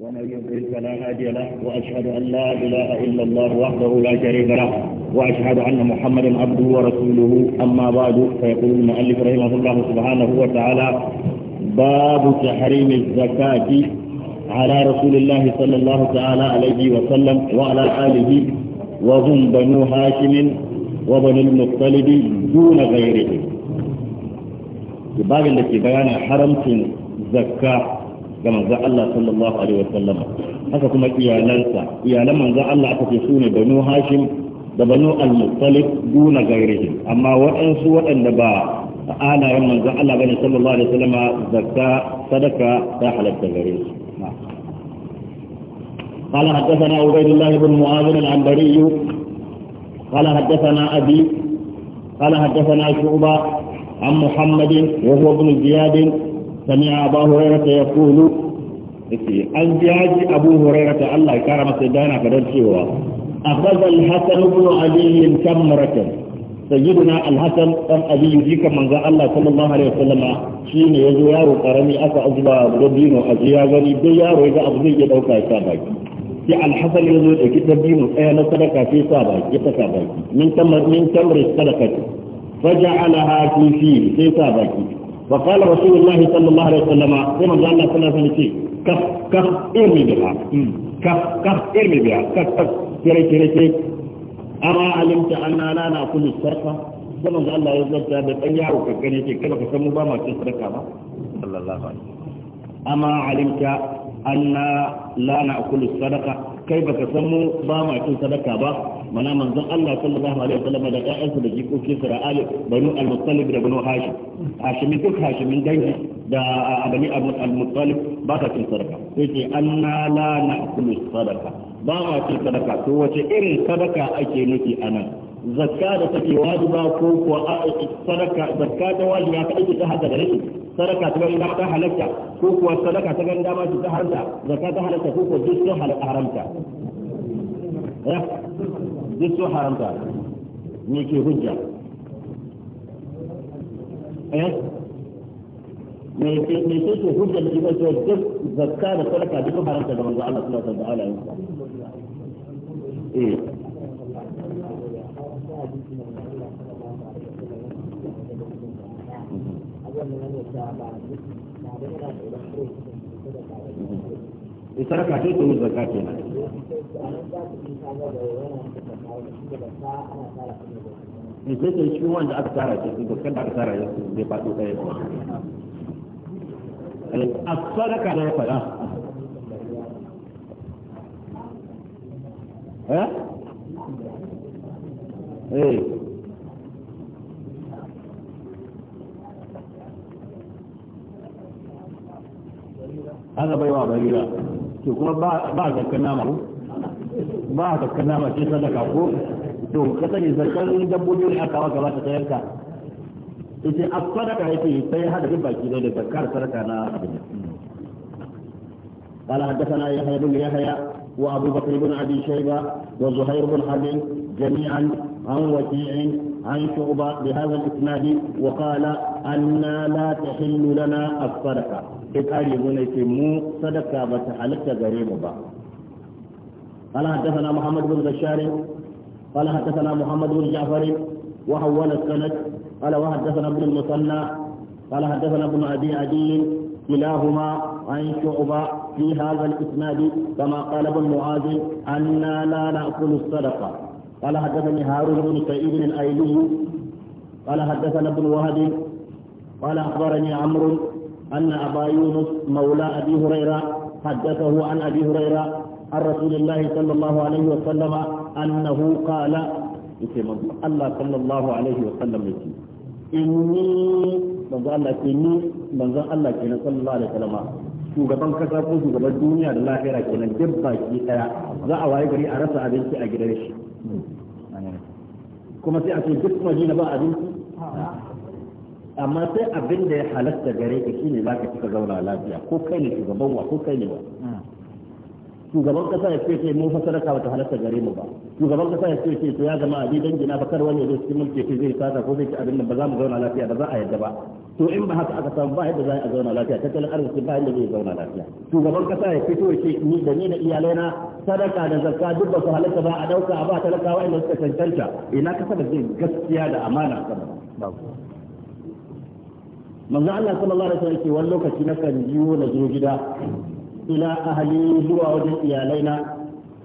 ومن يضلل فلا هادي له واشهد ان لا اله الا الله وحده لا شريك له واشهد ان محمدا عبده ورسوله اما بعد فيقول المؤلف رحمه الله سبحانه وتعالى باب تحريم الزكاه على رسول الله صلى الله تعالى عليه وسلم وعلى اله وهم بنو هاشم وبنو المطلب دون غيره باب التي بيان حرمت الزكاه ga manzon Allah sallallahu alaihi wasallam haka kuma iyalansa iyalan manzon Allah aka ce sune banu hashim da banu al-muttalib duna gairihi amma waɗansu waɗanda ba yan manzon Allah bane sallallahu alaihi wasallam zakka sadaka ta halatta gare su قال حدثنا عبيد الله بن معاذ العنبري قال حدثنا أبي قال حدثنا شعبة عن محمد وهو ابن زياد سمع أبا هريرة يقول yake an ji haji abu huraira ta Allah ya kara masa dana kadar cewa akhadha al-hasan ibn ali kamratan sayyiduna al-hasan dan abi yika manzo Allah sallallahu alaihi wasallam shine yazo yaro karami aka azuba dabino a ya gani dai yaro ya abu zai ya dauka ya baki sai al-hasan yazo da ki dabino tsaya na sadaka sai sa baki ya saka baki min tamar min tamri sadaka faja'alaha fi fi sai sa baki وقال رسول الله صلى الله عليه وسلم كما قال الله صلى الله عليه وسلم كف كف ارمي بها كف كف ارمي بها كف كف كري كري كري أما علمت أننا لا نأكل السرقة كما قال الله يزال ثابت أن يعرف كان يتي كلا فسمو بما تسرقة صلى الله عليه وسلم أما علمت أننا لا نأكل الصدقة kai ba ka san mu ba ma cin sadaka ba mana manzon Allah sallallahu alaihi wasallam da ƴaƴansa da jikokin sa ra'ali banu al-muttalib da banu hashim hashimi duk hashimin dangi da abani al-muttalib ba ka cin sadaka sai ce anna la na'kulu sadaka ba ma cin sadaka to wace irin sadaka ake nufi anan zakka da take wajiba ko kuwa sadaka zakka ta wajiba ka ake ta hada da rashi sadaka ta gani ta halatta ko kuwa sadaka ta gani dama ta haramta zakka ta halatta ko kuwa duk sun haramta duk sun haramta ne ke hujja eh me me ce ke hujja da ke cewa duk zakka da sadaka duk haramta da manzo Allah sallallahu alaihi wasallam eh ita ta ke nan in eh, sai wanda aka tara ce kan da aka tara ya su zai faɗo eh, a sadaka ya eh, eh. هذا بيواب هكذا شو كما بعض الكنامه بعض الكنامه شيخ هذا كفو شو كتني ذكر لي دبو جو الحق وكما تتغيرك إذن أصدق هيتي سيحة ربا كده لذكر سرك أنا أبدا قال حدثنا يحيى بن يحيى وأبو بكر بن أبي شيبة وزهير بن حبيب جميعا عن وكيع عن شعبة بهذا الإسناد وقال أنا لا تحل لنا الصدقة ya kare gona ce mu sadaka ba ta halatta gare mu ba قال حدثنا محمد بن بشار قال حدثنا محمد بن جعفر وحول السند قال وحدثنا ابن المثنى قال حدثنا ابن ابي عدي كلاهما عن شعبة في هذا الاسناد كما قال ابن معاذ انا لا ناكل الصدقه قال حدثني هارون بن سعيد الايلي قال حدثنا ابن وهب قال اخبرني عمرو أن أبا يونس مولى أبي هريرة حدثه عن أبي هريرة عن رسول الله صلى الله عليه وسلم أنه قال الله صلى الله عليه وسلم إني manzo Allah ke ni manzo Allah ke na sallallahu alaihi wasallam shugaban kasa ko shugaban duniya da lahira kenan duk baki daya za a waye gari a rasa abinci a gidan shi kuma sai a ce duk madina ba abinci amma sai abin da ya halatta gare ka shine za ka cika zauna lafiya ko kai ne shugaban wa ko kai ne wa shugaban kasa ya ce mun fa sadaka ta halatta gare mu ba shugaban kasa ya ce to ya zama abi dangina ba kar wani ya zo cikin mulki ce zai sata ko zai ci abin da ba za mu zauna lafiya ba za a yadda ba to in ba haka aka samu ba yadda za a zauna lafiya tattalin arziki ba yadda zai zauna lafiya shugaban kasa ya fito ya ce ni da ni da iyalaina sadaka da zakka duk ba su halatta ba a dauka a ba talakawa inda suka cancanta ina kasa da zai gaskiya da amana sama manzo Allah sallallahu alaihi wasallam wani lokaci na kan jiwo na zo gida ila ahli zuwa wajen iyalaina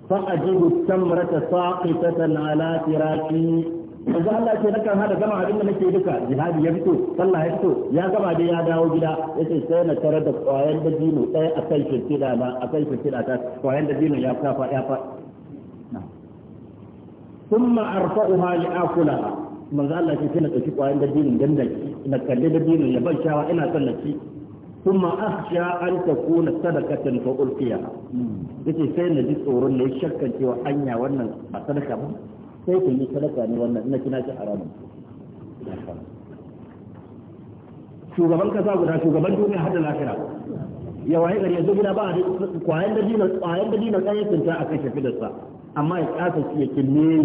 fa ajibu tamrata saqitatan ala firaki manzo Allah ce nakan hada gama abin da nake duka jihadi ya fito sallah ya fito ya gama dai ya dawo gida yace sai na tarar da kwayan dabino sai a kai kida na a kai kida ta kwayan dabino ya fafa ya fa ثم أرفعها لآكلها manzo Allah ce sai na ɗauki ƙwayan dabinin dan na kalli da dinin ya ban shawa ina son na ci kuma sha an ta kuna sadaqatan fa ulqiya yace sai na ji tsoron ne shakkan cewa anya wannan ba sadaka ba sai ku yi sadaka ne wannan ina kina ci haramun shugaban kasa guda shugaban duniya har da lafiya ya waye gari yanzu gida ba a kwayan da dinar kwayan da dinar kan yakin ta akan shafi da sa amma ya kasa shi yake me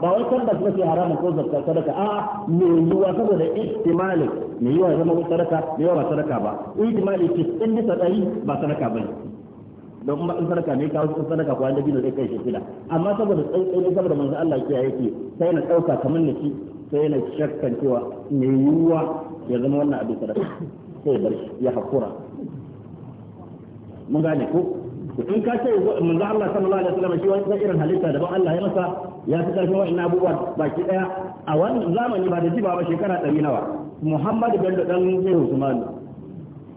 ba wai tabbas nake harama ko zakka sadaka a me saboda ihtimali me zama ko sadaka me ba sadaka ba ihtimali ce in bisa dari ba sadaka ba ne don ma in sadaka ne kawo in sadaka ko annabi ne kai shi kila amma saboda tsaitsai ne saboda manzo Allah ke yake sai na dauka kamar na shi sai na shakkan cewa me ya zama wannan abin sadaka sai bar shi ya hakura mun gane ko in ka ce manzo Allah sallallahu alaihi wasallam shi wani irin halitta da ba Allah ya masa ya fi karfin wa'annan abubuwa baki daya a wannan zamani ba da jiba ba shekara ɗari nawa Muhammad bin dan Zai Usman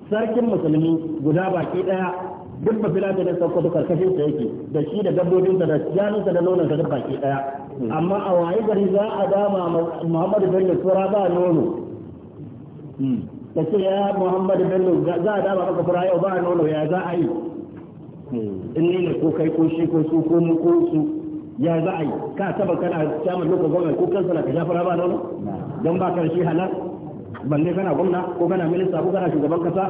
sarkin musulmi guda baki daya duk ba fila da sauko da karkashin sa yake da shi da dabbobin da sa da nonon duk baki daya amma a waye gari za a dama Muhammad bin Sura ba nono ta hmm. ce ya Muhammad Bello za a dama maka fura yau ba nono ya za a yi in ni ne ko kai ko shi ko su ko mu ko su ya za a yi ka taba kana samun lokacin gwamnati ko kansa na ka shafara ba nono don ba kan shi halar balle kana gwamna ko kana minista ko kana shugaban kasa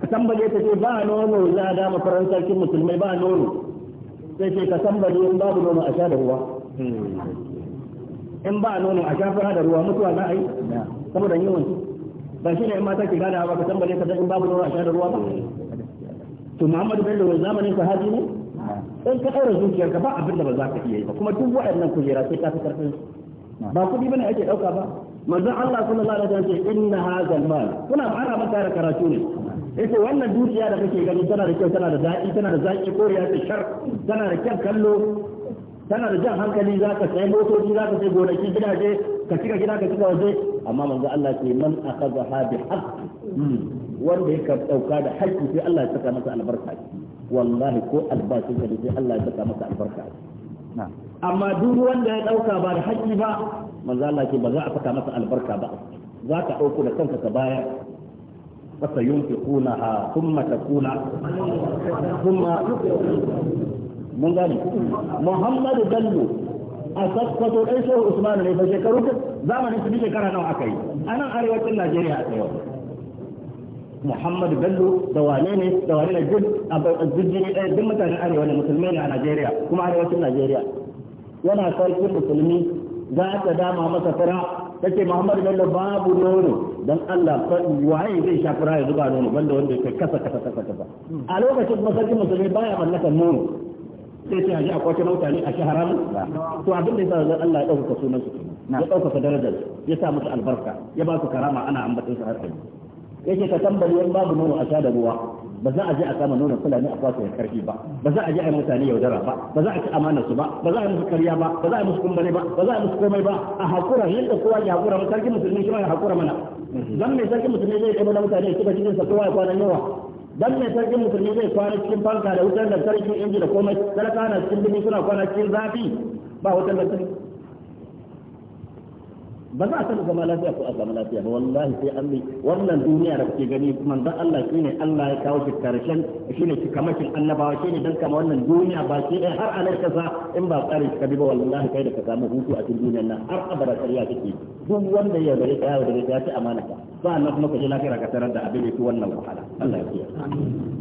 ka tambaye ta ce ba nono za a dama faransarkin musulmai ba nono sai ce ka tambaye in babu nono a sha da ruwa in ba nono a shafara da ruwa mutuwa za a yi saboda wani ba shi ne in mata ke gada ba ka tambaye ka in babu nono a sha da ruwa ba to Muhammadu Bello wani zamanin sahabi ne dan ka daura ka ba abin da ba za ka iya yi ba kuma duk waɗannan kujera sai ka fi karfin ba kudi bane ake ɗauka ba manzon Allah sallallahu alaihi wasallam ce na hazal mal kuna fara maka da karatu ne yace wannan dukiya da kake gani tana da kyau tana da zaki tana da zaki koriya ta shar tana da kyan kallo tana da jan hankali za ka sai motoci za ka sai gonaki gidaje ka cika gida ka cika waje amma manzo Allah ce man akhadha bi haqqi hmm. wanda ya dauka da haƙƙi sai Allah ya saka masa albarka wallahi ko albashin ka sai Allah ya saka masa albarka amma duk wanda ya dauka ba da haƙƙi ba manzo Allah ce ba za a saka masa albarka ba za ka ɗauko da kanka ka bayar fasa yunfiqunaha thumma takuna thumma mun gane Muhammadu Bello a sakkwato ɗan shehu Usmanu ne fa shekaru zamanin su bi shekara nawa aka yi a nan arewacin Najeriya a tsaye muhammadu bello da wane ne da wane ne duk jirgin ɗaya duk mutanen arewa ne musulmai ne a najeriya kuma arewacin najeriya yana sarkin musulmi za ta dama masa fara take muhammadu bello babu nono don allah waye zai sha fara ya zuba nono banda wanda ke kasa kasa kasa kasa a lokacin kuma sarkin musulmi baya mallakar nono sai sai a ji a kwace mutane a shi haramun to abin da yasa sa allah ya ɗaukaka sunan su ya ɗaukaka darajar ya sa musu albarka ya ba su karama ana ambatin su har yake ka tambari wani babu nono a sha da ruwa ba za a je a kama nonon fulani a kwato karfi ba ba za a je a yi mutane yaudara ba ba za a ci amanar su ba ba za a musu karya ba ba za a musu kumbale ba ba za a musu komai ba a hakura yadda kowa ya hakura mu sarki musulmi shi ma ya hakura mana dan mai sarki musulmi zai kai mutane su ba cikin sa kowa ya kwana yawa dan mai sarki musulmi zai kwana cikin fanka da wutar lantarki inji da komai talaka na cikin bini suna kwana cikin zafi ba wutar lantarki ba za a sani zama lafiya ko a zama lafiya ba wallahi sai an wannan duniya da kuke gani manzon Allah shine Allah ya kawo shi karshen shine kamakin annabawa shine dan kama wannan duniya ba ke dai har anar kasa in ba tsare ka bi ba wallahi kai da ka samu hutu a cikin duniyar nan har abada sariya kake duk wanda ya bari ka yawo da ya ci amana ka ba na kuma ka ji lafiya ka tarar da abin da wannan wahala Allah ya kiyaye amin.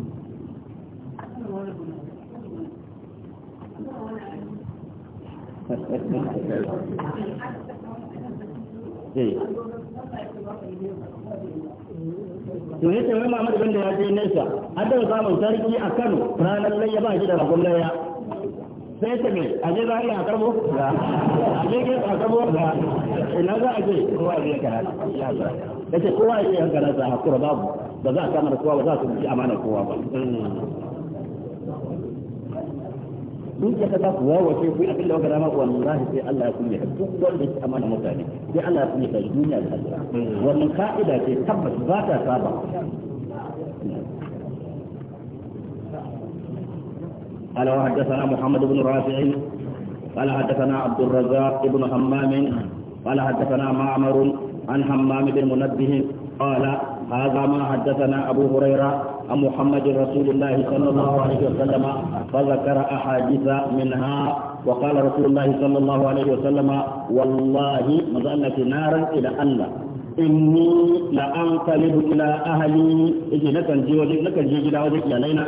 Eh. to ya ce wai da ya je nesa har da samun sarki a Kano ranar layya ba shi da ragon layya sai ta me a je za a yi a karbo a je ke a karbo ina za a je kowa ya karata ya ce kowa ya karata kura babu ba za a kamar da kowa ba za su ji amana kowa ba hmm. duk da ta kuwa wace ku abin da wagara ma wallahi sai Allah ya kunya duk wanda ya amana mutane sai Allah ya kunya da duniya da Allah wannan ka'ida ce tabbas ba ta saba قال وحدثنا محمد بن رافع قال حدثنا عبد الرزاق بن حمام قال حدثنا معمر عن حمام بن منبه قال هذا ما حدثنا أبو هريرة عن محمد رسول الله صلى الله عليه وسلم فذكر أحاديث منها وقال رسول الله صلى الله عليه وسلم والله مظلة نارا إلى الله inni la an qalibu ila ahli yace nakan je waje nakan je gida waje iyalaina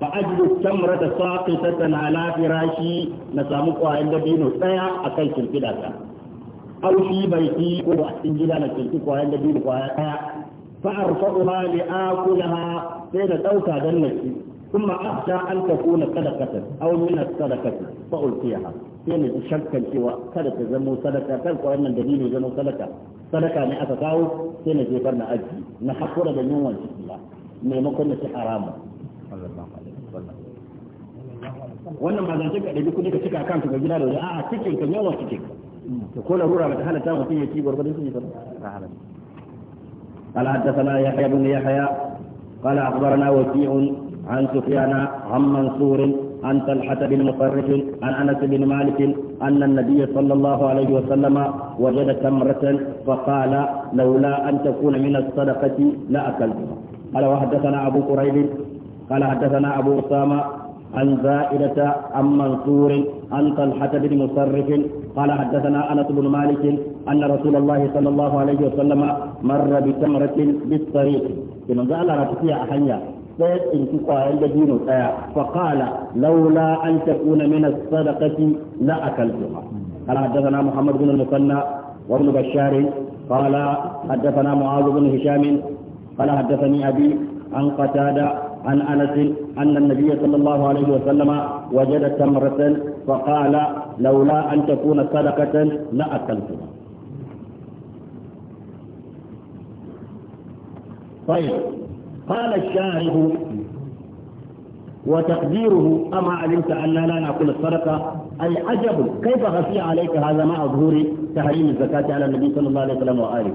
fa ajidu tamrata saqitatan ala firashi na samu kwayan dabino daya akan kirkida aw fi baiti ko a cikin gida na kirki kwayan da biyu kwaya daya fa arfa'uha li akulaha sai da dauka dan naki kuma afta an takuna صدقة aw min sadaqati fa ulqiyaha sai ne shakkan cewa kada ta zamo sadaka kan ko wannan dalili zamo sadaka sadaka ne aka kawo sai na jefar da yunwan ciki ka cika kanka ga gida da wuri a'a cikin ka yawan cikin to ko larura ba ta halatta mutum ya ci gwargwadon قال حدثنا يحيى بن يحيى قال اخبرنا وكيع عن سفيان عن منصور عن طلحة بن مطرف عن انس بن مالك ان النبي صلى الله عليه وسلم وجد تمرة فقال لولا ان تكون من الصدقة لاكلتها قال وحدثنا ابو قريب قال حدثنا ابو اسامه عن زائدة عن منصور عن طلحة بن مصرف قال حدثنا انس بن مالك ان رسول الله صلى الله عليه وسلم مر بتمره بالطريق من قال رتفيع حنيا سيئن تقال دين فقال لولا ان تكون من الصدقه لاكلتها قال حدثنا محمد بن المثنى وابن بشار قال حدثنا معاذ بن هشام قال حدثني ابي عن قتاده عن انس ان النبي صلى الله عليه وسلم وجد تمره فقال لولا أن تكون صدقة لأكلتها طيب قال الشارح وتقديره أما علمت أننا لا نأكل الصدقة أي عجب كيف خفي عليك هذا مع ظهور تحريم الزكاة على النبي صلى الله عليه وسلم وآله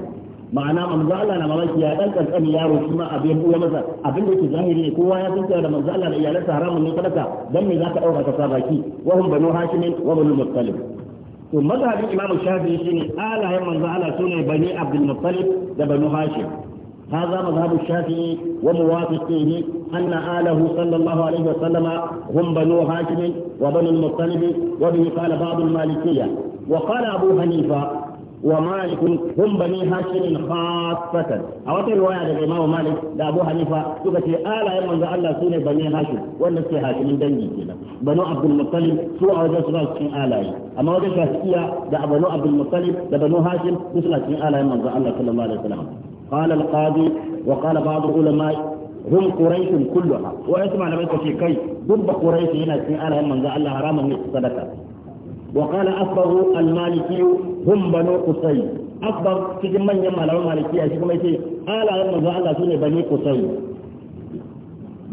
ma'ana manzo Allah na mamaki ya dan kankan yaro shi ma abin uwa masa abin da yake zahiri ne kowa ya san cewa da manzo Allah da iyalansa haramun ne sadaka dan me zaka dauka ka sabaki wa hum banu hashim wa banu muttalib to mazhabin imamu shafi'i shine alayen manzo Allah sune bani abdul muttalib da banu hashim هذا مذهب الشافعي وموافقيه أن آله صلى الله عليه وسلم هم بنو هاشم وبنو المطلب وبه قال بعض المالكية وقال أبو حنيفة ومالك هم بني هاشم خاصة أو رواية الإمام مالك لأبو أبو حنيفة تبتي آلا يا من الله سنة بني هاشم والنسي هاشم من دنجي كده بنو عبد المطلب سوى وجه سنة سنة آلا أما وجه شهسية دا بنو عبد المطلب دا بنو هاشم مثل سنة آلا يا من الله صلى الله عليه وسلم قال القاضي وقال بعض العلماء هم قريش كلها واسمع لما يقول في كي ضد قريش هنا سنة آلا يا من الله حراما من الصدقة وقال أكبر المالكي هم بنو قصي أكبر cikin manyan malaman malikiya shi kuma yace alayen manzo Allah sune bani qusay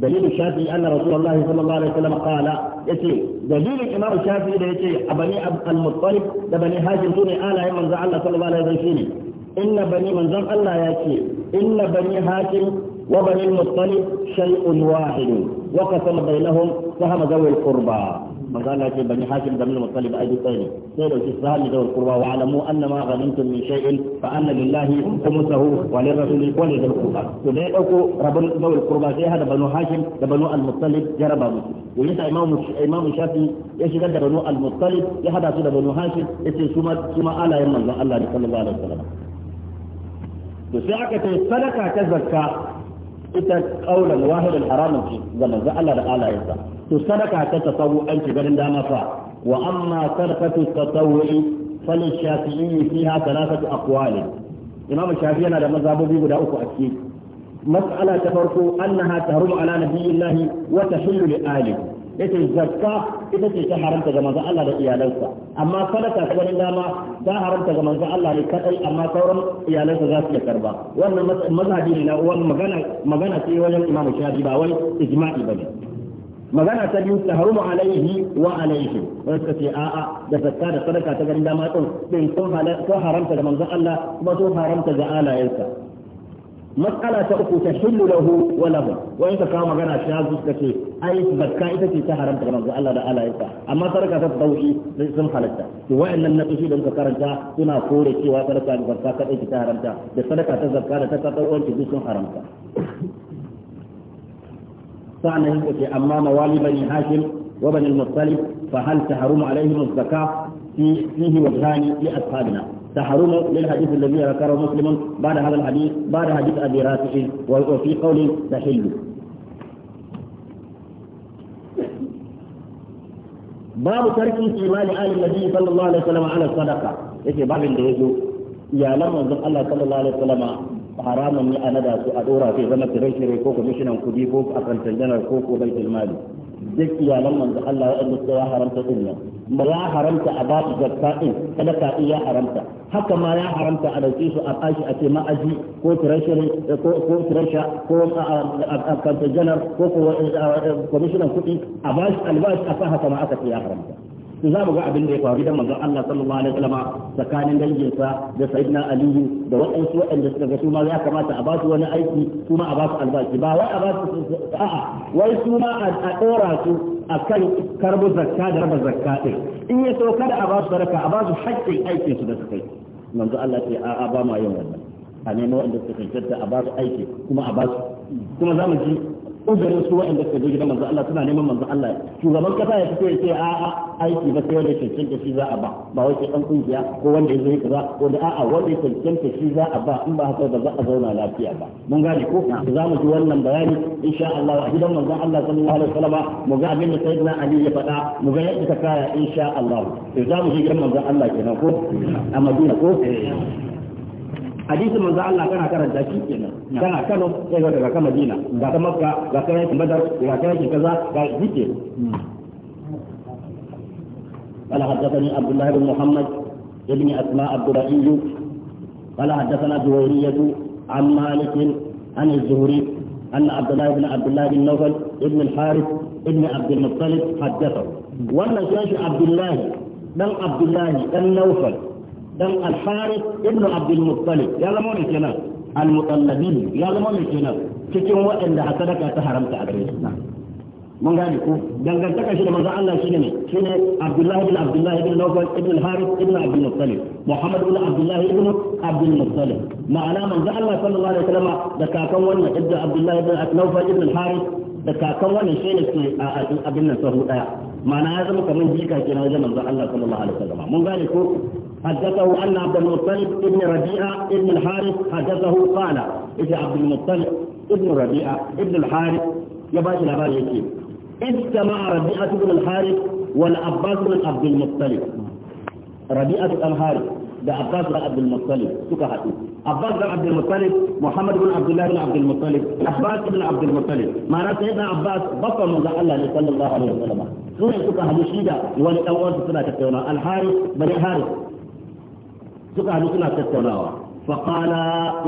dalilin shafi anna rasulullahi sallallahu alaihi wasallam qala yace dalilin imam shafi da yace bani al muttalib da bani hashim sune alayen manzo Allah sallallahu alaihi wasallam shine inna bani manzo Allah yace inna bani hashim wa bani muttalib shay'un wahidun وقسم بينهم سهم ذوي القربى فقال لك بني هاشم بن المطلب أي ثاني طيب؟ سيدوا طيب، في السهم ذوي القربى واعلموا أن ما غنمتم من شيء فأن لله خمسه وللرسول ولذوي القربى فليقوا إيه؟ رب ذوي القربى زي هذا بنو هاشم بنو المطلب جرب ويسا إمام إمام الشافعي يشهد قد بنو المطلب يهدى سيدة بنو هاشم يسي سما سما على يمن الله صلى الله عليه وسلم to sai aka ita kaulan wahidin haramun ce ga manzo Allah da alayensa to sadaka ta tasawu an ci garin dama fa wa amma sadaqatu tasawwi fal shafi'i fiha thalathatu aqwali imam shafi'i yana da mazhabobi guda uku a ciki mas'ala ta farko annaha tahrumu ala nabiyyillahi wa tahillu li alihi yace zakka ita ce ta haramta ga manzon Allah da iyalansa amma sadaka ta ganin dama ta haramta ga manzon Allah ne kadai amma sauran iyalansa za su iya karba wannan mazhabi ne na wani magana magana ce wajen Imam Shafi ba wai ijma'i bane magana ta biyu ta harumu alaihi wa alaihi wani suka ce a'a da zakka da sadaka ta ganin dama din sun haramta ga manzon Allah kuma sun haramta ga alayensa matsala ta uku ta shillu lahu wa lahu wa in ka kawo magana ta yazo suka ce ai zakka ita ce ta haramta ga manzo Allah da alaika amma sarka ta tauhi sun halatta to wa'annan na kishi da muka karanta suna kore cewa sarka da zakka kada ki ta haramta da sadaka ta zakka da ta tsarwanci duk sun haramta sa'an nan ce amma mawali bani hashim wa bani al-muttalib fa hal tahrumu alaihim az-zakah fi fihi wajhani li ashabina تحرم للحديث الذي ذكره مسلم بعد هذا الحديث بعد حديث ابي رافع وفي قول تحل باب ترك استعمال آل النبي صلى الله عليه وسلم على الصدقة إيه باب اللي يجو يا لما ذن الله صلى الله عليه وسلم حراما من أنا دا في ذنب تريشي ريكوكو مشنا كديفوك أقل تنجنر كوكو بيت المال duk iyalan manzo Allah waɗanda suka ya haramta din nan ma ya haramta a ba zakka din sadaka din ya haramta haka ma ya haramta a dauke su a bashi a ce ma'aji ko treasury ko ko treasure ko accountant general ko commissioner kuɗi a bashi albashi a sa haka ma aka ce ya haramta za mu ga abin da ya faru da manzon Allah sallallahu alaihi wasallam tsakanin danginsa da sayyidina Ali da waɗansu waɗanda suka ga su ma ya kamata a ba su wani aiki kuma a ba su albashi ba wai a ba su a'a wai su ma a ɗora su akan karbu zakka da raba zakka din in ya so kada a ba su sadaka a ba su haƙƙin aikin su da suka yi manzo Allah ce a'a ba ma yin wannan a nemo waɗanda suka cancanta a ba su aiki kuma a ba su kuma za mu ji uzurin su waɗanda suka zo gidan manzo Allah suna neman manzo Allah shugaban kasa ya fito ya ce a a aiki ba sai wanda cancanta shi za a ba ba wai sai dan kungiya ko wanda ya zo kaza ko da a a wanda cancanta shi za a ba in ba haka ba za a zauna lafiya ba mun gane ko za mu ji wannan bayani insha Allah a gidan manzo Allah sallallahu alaihi wasallam mu ga abin da sayyidina Ali ya faɗa mu ga yadda ta kaya insha Allah to za mu ji gidan manzo Allah kenan ko a Madina ko hadisin manzo Allah kana karanta shi kenan kana Kano sai ga daga Madina ga ta Makka ga ta yakin Badar ga ta yakin kaza ga dike قال حدثني عبد الله بن محمد ابن أسماء الدرائي قال حدثنا زهيرية عن مالك عن الزهري أن عبد الله بن عبد الله بن نوفل ابن الحارث ابن عبد المطلب حدثه وأن شاش عبد الله بن عبد الله بن نوفل dan al-Harith ibn Abdul Muttalib ya zama ne kenan al-Mutallabin ya zama ne kenan cikin waɗanda a sadaka ta haramta a gare su mun gane ko dangantaka shi da manzo Allah shine ne shine Abdullah ibn Abdullah ibn Nawfal ibn al-Harith ibn Abdul Muttalib Muhammad ibn Abdullah ibn Abdul Muttalib ma'ana manzo Allah sallallahu alaihi wasallam da kakan wannan ibn Abdullah ibn Nawfal ibn al-Harith da kakan wannan shine a abin nan sahu daya ma'ana ya zama kamar jika kenan wajen manzo Allah sallallahu alaihi wasallam mun gane ko حدثه أن عبد المطلب ابن ربيعة ابن الحارث حدثه قال إذا عبد المطلب ابن ربيعة ابن الحارث يباشر الأبار يكيب سمع ربيعة بن الحارث والعباس بن عبد المطلب ربيعة بن الحارث ده عباس بن عبد المطلب سكا حديث عباس بن عبد المطلب محمد بن عبد الله بن عبد المطلب عباس بن عبد المطلب ما معناه سيدنا عباس بطل من الله صلى الله عليه وسلم سنة سكا حديث شيدا ولأول سنة تتونا الحارث بني الحارث suka hannu suna tattaunawa faƙala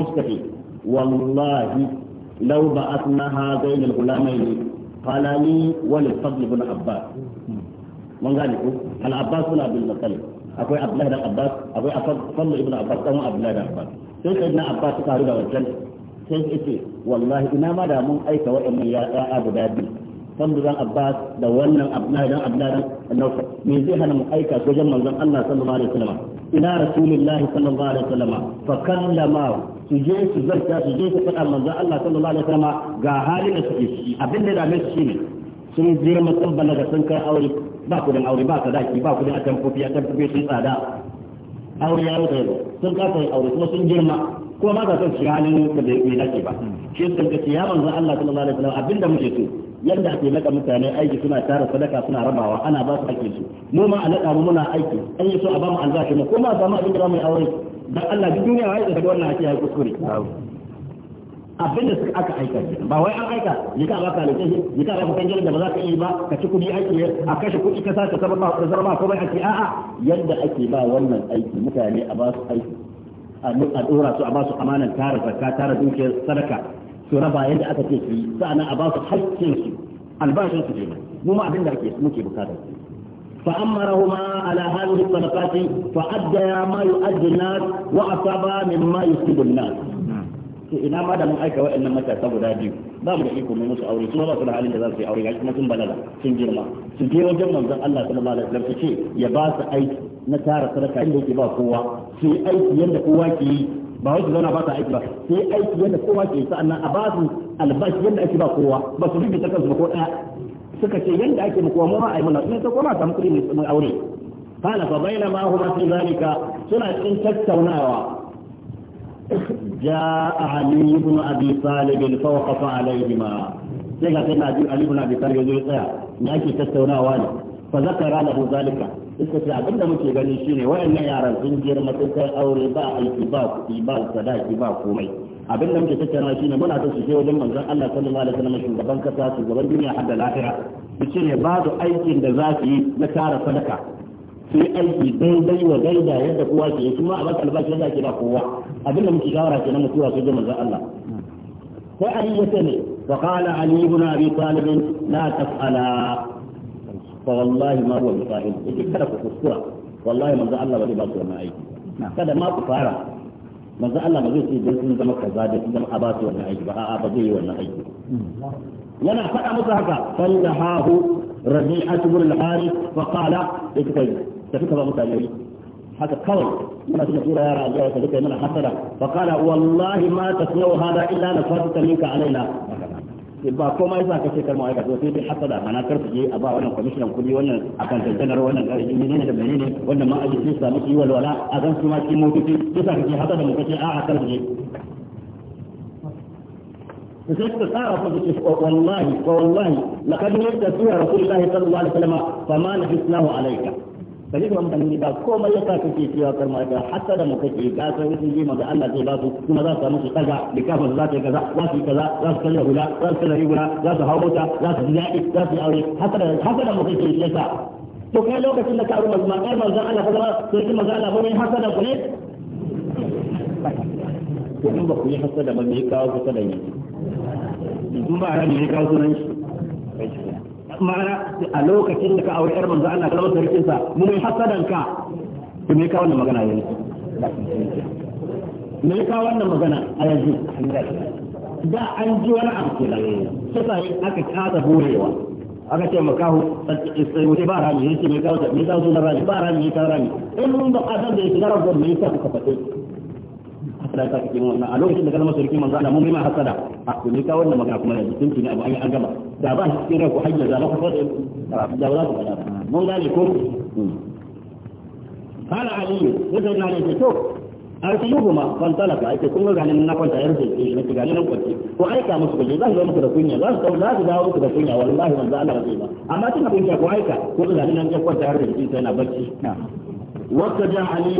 istafi wallahi lau ba a suna ha zai da mai ne falani wani fadli bin abbas mun gane ko al-abbas suna bin matsali akwai abdullahi dan abbas akwai fadli ibn abbas kan abdullahi dan abbas sai sai na abbas suka haru da wancan sai ce wallahi ina ma da mun aika waɗannan ya'a guda biyu sandu dan Abbas da wannan Abdullahi dan Abdullahi dan Naufa me zai hana mu aika wajen manzon Allah sallallahu alaihi wasallam ila rasulullahi sallallahu alaihi wasallam fa kallama su je su zarta su je su faɗa manzo Allah sallallahu alaihi wasallam ga halin da suke ciki abin da dame su shine sun girma sun balaga sun kai aure ba kudin aure ba sadaki ba kudin atamfofi atamfofi sun tsada aure ya rutsa sun kasa yin aure kuma sun girma kuma ba za son shiga halin da bai dace ba shi yasa ka ce ya manzo Allah sallallahu alaihi wasallam abinda muke so yadda ake naka mutane aiki suna tara sadaka suna rabawa ana ba su ake su mu ma a naka mu muna aiki an yi so a ba mu albashi mu kuma ba mu abin da mu yi aure dan Allah duk duniya wai da wannan ake yi kuskure abin da suka aka aika ba wai an aika ya ka baka da kai ya ka baka kanjin da ba za ka yi ba ka ci kudi aiki ne a kashe kudi ka sace ka ba zarma ko bai aiki a'a yadda ake ba wannan aiki mutane a ba su aiki a dora su a ba su amanan tara zakka tara dukiyar sadaka su raba yadda aka ce su yi sa'annan a ba su haƙƙin su albashin su kenan mu ma abin da ake muke bukata fa ala hadhihi sadaqati fa adda ma الصدقات an-nas wa asaba mimma yusibu an-nas to ina ma da mun aika waɗannan matasa guda biyu ba mu da iko mai musu aure kuma ba su da halin da za su yi aure gashi kuma sun balala sun girma su je wajen manzon Allah sallallahu alaihi wasallam ce ya ba su aiki na tara sadaka inda yake ba kowa su yi aiki yadda kowa ke yi ba wai zauna ba su aiki ba su yi aiki yadda kowa ke yi sa'annan a ba su albashi yadda ake ba kowa ba su rubuta kansu ba ko ɗaya suka ce yadda ake mu kowa mu ma a yi mana in ta koma samu kuɗi mai aure kana fa bainama huma fi zalika suna cikin tattaunawa جاء علي بن أبي طالب فوقف عليهما سيغا سيدنا علي بن أبي طالب يقول سيا نأتي تستونا وانا فذكر له ذلك iska ce abinda muke gani shine wayannan yaran sun girma sun kai aure ba aiki ba kuɗi ba sadaki ba komai abin da muke tattauna shine muna son su wajen manzon Allah sallallahu alaihi wasallam shugaban kasa shugaban duniya har da lahira su ce ne babu aikin da za su yi na tara sadaka sai aiki daidai wa daida yadda kowa ke yi kuma a baka albashi yadda ake ba kowa abin da muke shawara ke na mutuwa sai da manzon Allah sai Ali ya ce ne wa qala Ali ibn Abi Talib la tas'ala fa wallahi ma huwa bisahil yake kada ku kuskura wallahi manzon Allah ba zai ba ku wannan aiki kada ma ku fara manzon Allah ba zai ce dan sun zama kaza da sun zama abasi wannan aiki ba a'a ba zai yi wannan aiki yana faɗa musu haka fa da hahu rabi'atu bil harith fa qala ikfayna da suka ba mutane haka kawai muna suka tura yara zuwa ka duka mana hasara fa qala wallahi ma tasnau hada illa nafataka minka alaina ba komai za ka ce kar ma'aika to sai dai hasada mana kar su je a ba wannan kwamishinan kudi wannan akan tantanar wannan menene da menene wannan ma aji sai samu yi walwala a gan su ma cikin motoci sai ka ce hasada mu kace a'a kar su je sai ka tsara fa kace wallahi wallahi laqad yadda sura rasulullahi sallallahu alaihi wasallam fa ma nafisnahu alayka ba zai mutane ne ba komai ya sa kake cewa kar ma da hatta da muka ke ka san wasu jima da Allah zai ba su kuma za su samu su kaza da kafa za ta yi kaza za su yi kaza za su kalla hula za su kalla riguna za su hau mota za su ji daɗi za su yi aure hatta da hatta da muka ke yasa to kai lokacin da ka aure mazma kai manzon Allah ka zama sai kin manzon Allah bane hatta da ku ne to in ba ku yi hatta da ba me kawo ku sadan yi in ba ran ne kawo sunan shi ma'ana a lokacin da ka aure yar manzo Allah kalmar sarkin sa mu mai hasadan ka to me ka wannan magana yanzu me ka wannan magana a yanzu da an ji wani abu nan sai aka kada burewa aka ce hu sai ba rami yake mai me ka zo na rami ba rami ta rami in mun ba kasan da yake garar gwamnati ka kuka fate Allah ya saka cikin wannan a lokacin da kalmar sarki manzo Allah mun yi hasada a to ne ka wannan magana kuma yanzu tun ne abu an an gama da ba shi cikin rai ku hajja da ku fada da wala ku fada mun gane ko hmm. kana ali yadda na ne to arsiluhuma fantalaka ake kun ga nan na kwanta yarda shi ne ga nan kwanta ko aika musu kuje zan zo muku da kunya za su za su dawo muku da kunya wallahi manzo Allah ba ba amma tun abin ko aika ko ga nan ya kwanta yarda shi na bacci واتجا علي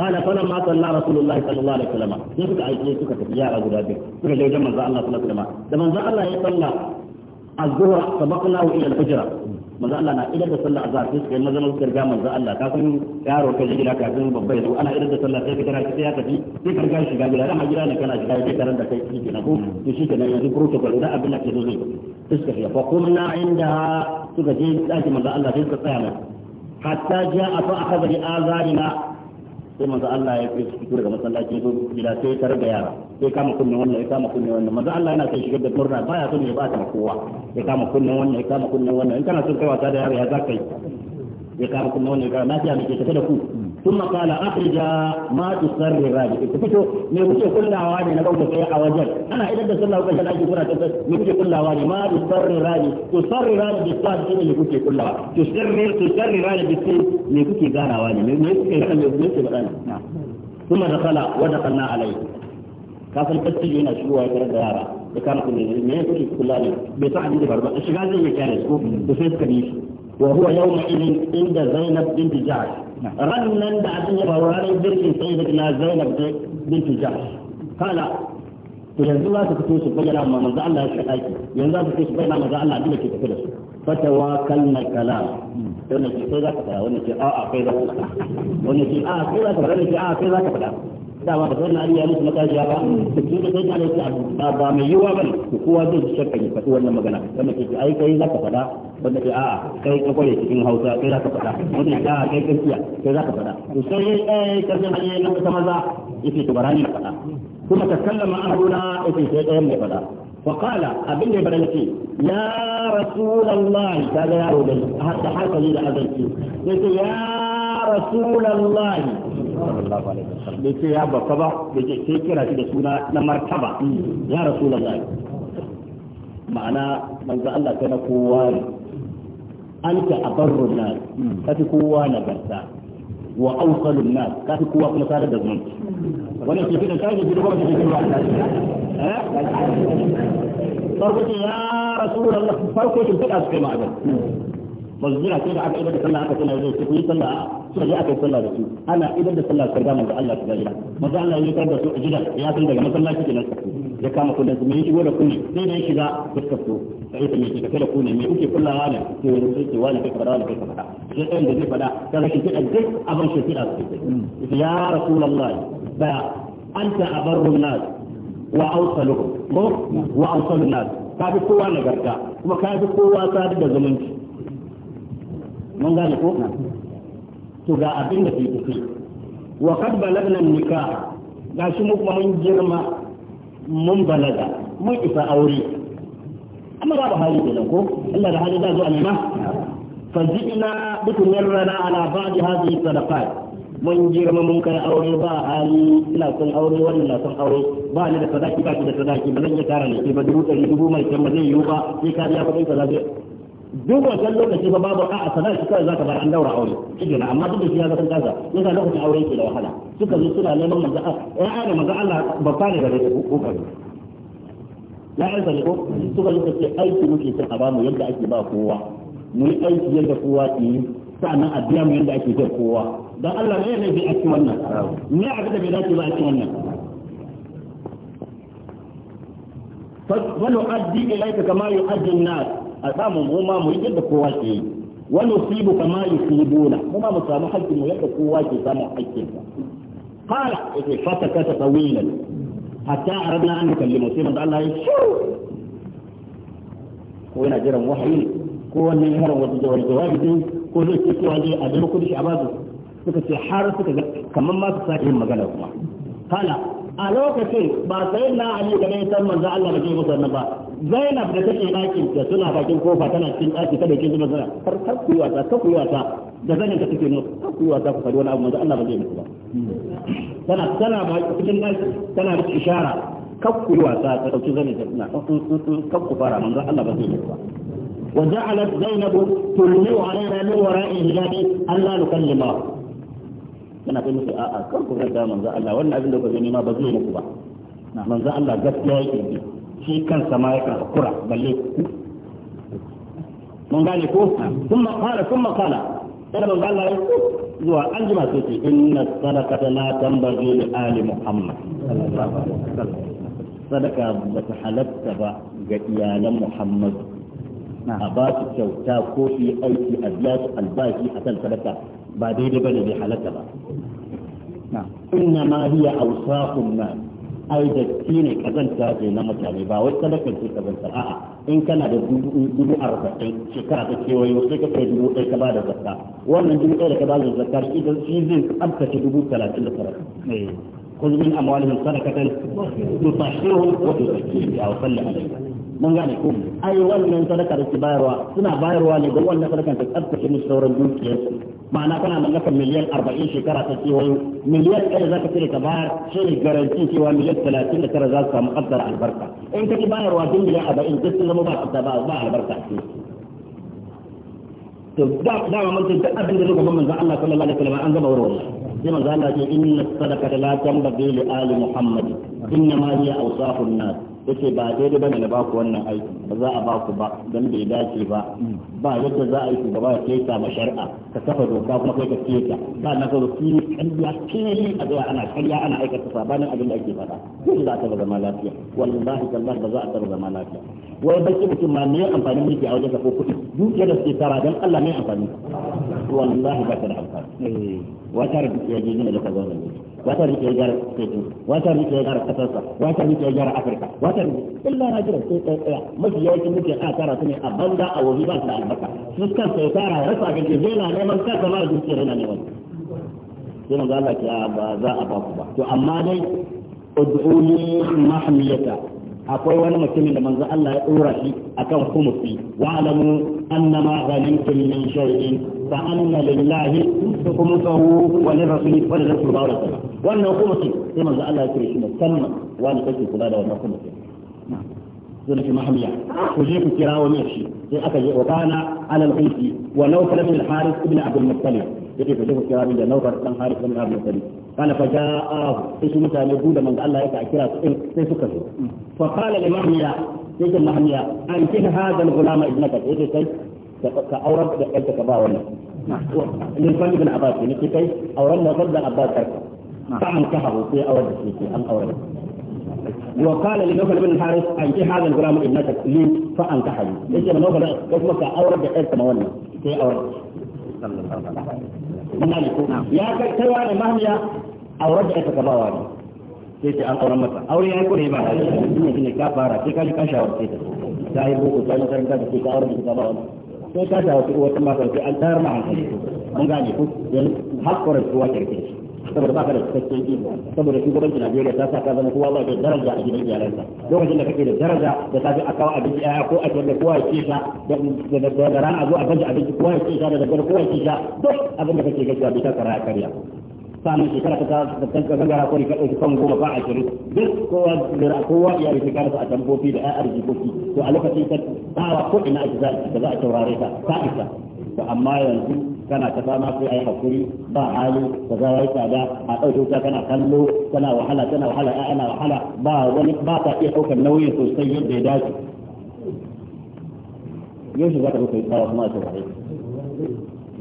قال فلما صلى رسول الله صلى الله عليه وسلم sai suka aike suka tafi yara guda biyu suka je wajen manzo Allah sallallahu alaihi wasallam da manzo Allah ya salla az-zuhra sabaqnahu ila al-hujra manzo Allah na idan da sallah azhar sai suka maza suka riga manzo Allah ka san yaro kai gida ka san babba yanzu ana idan da sallah sai ka tana sai ya tafi sai ka riga shiga gida dama gida ne kana shiga sai karan da kai shi kenan ko to shi kenan yanzu protocol da abin da ke zo zai suka ya fa kunna inda suka je daki manzo Allah sai suka tsaya mai hatta a fa aka bi azarina sai manzo Allah ya fi kure daga masallaci zo gida sai tar da yara sai kama kunne wannan ya kama kunne wannan manzo Allah yana sai shigar da murna baya son ya bata kowa ya kama kunne wannan ya kama kunne wannan in kana son kai wasa da yara ya zaka yi ya kama kunne wannan ya kama lafiya ne ke tafe da ku ثم قال أخرج ما تسر الراجع كفتو ميوشي كل عواني نقول لك يا وجل أنا إذا بس الله وجل أجي كنا تسر ميوشي كل عواني ما تسر الراجل تسر الراجل بالصاد إذا ميوشي كل عواني تسر تسر الراجل بالصاد ميوشي غار عواني ميوشي ميوشي بقى ثم دخل ودخلنا عليه كافر تجينا شو هاي كرد يارا وهو يوم إذن عند زينب بنت جاش نعم. رنن بعد يبوار يدرك سيدك لا زينب بنت جاش قال ينزل الله تكتوس بجلا ما مزع الله الشقايك ينزل تكتوس بجلا ما مزع الله بلا كده فتواكلنا الكلام ونسي سيدك ونسي آآ كده ونسي آآ آه، آه، كده ونسي آآ آه، dama da wannan an yi musu matashiya ba da su da sai ta alaihi ba ba mai yiwa ba ne kowa zai shakka ya faɗi wannan magana wanda ke ai kai zaka faɗa wanda ke a'a kai ka kware cikin Hausa kai zaka faɗa wanda ke a'a kai gaskiya kai zaka faɗa to sai eh karshen hali na ta maza yake to barani na faɗa kuma takallama ahluna yake sai ɗayan mai faɗa فقال ابن برنتي يا رسول الله هذا يا رسول الله حتى حصل الى اذنتي يا رسول الله sallallahu alaihi wasallam bai ce ya babba ba bai ce sai kira shi da suna na martaba ya rasulullahi ma'ana manzo Allah kai na kowa ne anta abarru nas kafi kowa nagarta wa awsalun nas kafi kowa kuma sada da zumunci wannan ke fitan kai da gidan gwamnati ke cewa eh? farko ya rasulullahi farko ce fada su kai ma'azan mazmura ko da aka ibar da sallah aka sallah zai su yi sallah suka je aka yi sallah da su ana ibar da sallah karga manzo Allah ta gida manzo Allah ya karga su gida ya san daga masallaci kenan ya kama kudin su mai shigo da kunni sai da ya shiga fuskar su sai ta mai shiga da kunni mai kuke kullawa ne ke rubuce ke wani kai fara wani kai fara sai ɗayan da zai fada kaga shi kida duk abin shi kida su ya rasulullahi da anta abarru nas wa awsaluhum wa awsalu nas ka fi kowa nagarta kuma ka fi kowa sadu da zumunci mun gane ko to ga abin da ke tafi wa kad balagna nikah shi mu kuma mun girma mun balaga mun isa aure amma ba hali ne ko Allah da hali za zo a nema bitu بتمرنا ala ba'd hadhihi sadaqat mun girma mun kai aure ba hali ina son aure wannan na son aure ba ni da sadaki ba ki da sadaki ba zan iya tara ne ba dubu ɗari dubu mai can ba zai yiwu ba sai ka biya kuɗin sadaki duk wancan lokaci ba babu a sanar shi kawai zaka bar an daura aure shi amma duk da shi ya zaka kaza yasa lokacin aure yake da wahala suka zo suna neman manzo ya ana manzo Allah ba fare gare ku ko kai ya aika ne ko suka zo ce aiki muke son a bamu yadda ake ba kowa mu yi aiki yadda kowa ke yi sa'annan a biya mu yadda ake jan kowa dan Allah ne ne bi a cikin wannan ne abin da bai dace ba a cikin wannan فلنؤدي إليك كما يؤدي الناس a samu mu ma mu yi kowa ke yi wa nusibu kama yusibuna mu ma mu samu hakkin mu yadda kowa ke samu hakkin sa qala yace fatakata tawilan hatta arabna an nukallimu sai manzo Allah ya shiru ko yana jiran wahayi ko wannan yaran wata jawar jawabi dai ko zai ce cewa dai a da kudi shi a bazu suka ce har suka ga kamar ma su sa'in magana kuma qala a lokacin ba sai na ali da dai san manzo Allah bai musu wannan ba Zainab da take dakin ta suna bakin kofa tana cikin daki ta dake zuba zara har har kuwa ta ka kuwa ta da zanin ta take no har kuwa ta ku faɗi wani abu manzo Allah bai musu ba tana tana ba cikin daki tana da ishara kakku kuwa ta ta dauki zanin ta tana ku fara manzo Allah bai musu ba وجعلت زينب تلمع علينا من وراء حجابي ألا نكلمه kana kai musu a'a kar ku gaida manzo Allah wannan abin da ku gani ma ba zai muku ba manzo Allah gaskiya yake yi shi kan sama yake kura balle ku mun gane ko sun kala sun kala kada manzo Allah ya zuwa an sai ce inna sadaqata la tambaghi li ali muhammad sadaka ba ta halatta ba ga iyalan muhammad a ba su kyauta ko su yi aiki a biya su albashi a kan sadaka ba daidai bane bai halatta ba inna ma hiya awsaqun ma ai da kine kazanta ce na mutane ba wai sadakar ce kazanta a'a in kana da dubu arba'in shekara ta kewayo sai ka kai dubu ɗaya ka ba da zakka wannan dubu ɗaya da ka ba da zakka shi zai tsabtace dubu talatin da tara خذ من أموالهم صدقة تطهرهم وتزكيهم أو صل عليهم mun gane ko ai wannan sadaka da ke bayarwa suna bayarwa ne ga wannan sadakan ta tsabtace musu sauran dukiyarsu ma'ana kana mallakar miliyan arba'in shekara ta kewayo miliyan ɗaya za ka cire ka bayar shi ne garanti cewa miliyan talatin da tara za su samu ƙasar albarka in ka ci bayarwa duk miliyan arba'in duk sun zama ba ƙasar ba ba albarka ce to da da ma mun duk abin da zai gaban manzon Allah sallallahu alaihi wasallam an gama warware sai manzon Allah ce inna sadaqata la tanbaghi li ali muhammad inna ma hiya awsafun nas yake ba daidai bane na ku wannan aiki ba za a ba ku ba dan bai dace ba ba yadda za a yi shugaba ya keta ma shari'a ka kafa doka kuma kai ka keta ba na ki fili kariya fili a zai ana kariya ana aikata sabanin abin da ake faɗa ko za a taɓa zama lafiya wallahi kallah ba za a taɓa zama lafiya wai baki mutum ma me amfani mulki a wajen ka ko kuɗi dukiyar da suke tara dan Allah ne amfani wallahi ba ta da amfani wata rubuce jirgin da kazo da wata rubuce gyara teku wata rubuce gyara kasarsa wata rubuce gyara afirka wata rubuce illa na jira sai ɗaya mafi yawancin muke a tara su ne a banza a wuri ba su da albarka su kansa ya tara ya rasa gaske zai na neman kansa ma da zuciya yana neman sai manzo Allah a ba za a ba ku ba to amma dai ud'uni mahmiyata akwai wani mutumin da manzo Allah ya dora shi akan kumusi wa alamu annama ghanimtum min shay'in fa anna lillahi khumsahu wa li rasulihi wa li rasulihi wa sallam wannan kumusi sai manzo Allah ya kire shi musamman wani kake kula da wannan kumusi zai ki mahamiya ku je ku kira wani shi sai aka je wa kana ala al-haythi wa nawfal bin al-harith ibn abd al-muttalib yake ku je ku kira min da nawfal dan harith ibn abd al-muttalib قال فجاء ايش متى نقول من الله يكا اكرا إيه، إيه سي سكر فقال الامام يا سيد يا انت هذا الغلام ابنك ايش سي كأورب دقلت كباولا للفن بن عباس نكي سي اورب نظر بن عباس كرك فعن كهه في اورب وقال لنوفل بن الحارس انت هذا الغلام ابنك لي فعن كهه ايش من نوفل اسمك اورب دقلت كباولا سي اورب يا كتوان مهمية aure da aka bawa ne sai ce an aure masa aure ya yi kure ba a yi ne ka fara sai ka ji ka shawarce ta ta yi boko ta yi makaranta da ke ka aure da ka bawa sai ka shawar ce wata mata ce an tayar ma hankali mun gane ku yanzu hakkuran kowa kirkin saboda ba ka da cikakken ilimi saboda shi shugabanci Najeriya ta sa ka zama kowa ba da daraja a gidan iyalansa lokacin da kake da daraja da safe a kawo abinci aya ko a ce da kowa ya ce ka da rana a zo a baje abinci kowa ya ce ka da daddare kowa ya ce ka duk abin da kake gaskiya bai ta kara karya sannan shekara ta tattan ka gangara ko ka ɗauki kan goma ba a shirin duk kowa da kowa ya yi shekara a tambofi da ya arziki to a lokacin ta tsawa ko ina ake za a taurare ta ta isa to amma yanzu kana ta fama sai ayi hakuri ba hali da za yi tsada a ɗauke ta kana kallo kana wahala kana wahala ana wahala ba wani ba ta iya ɗaukar nauyin sosai yadda ya dace yau shi za ka zo kai tsawa kuma a taurare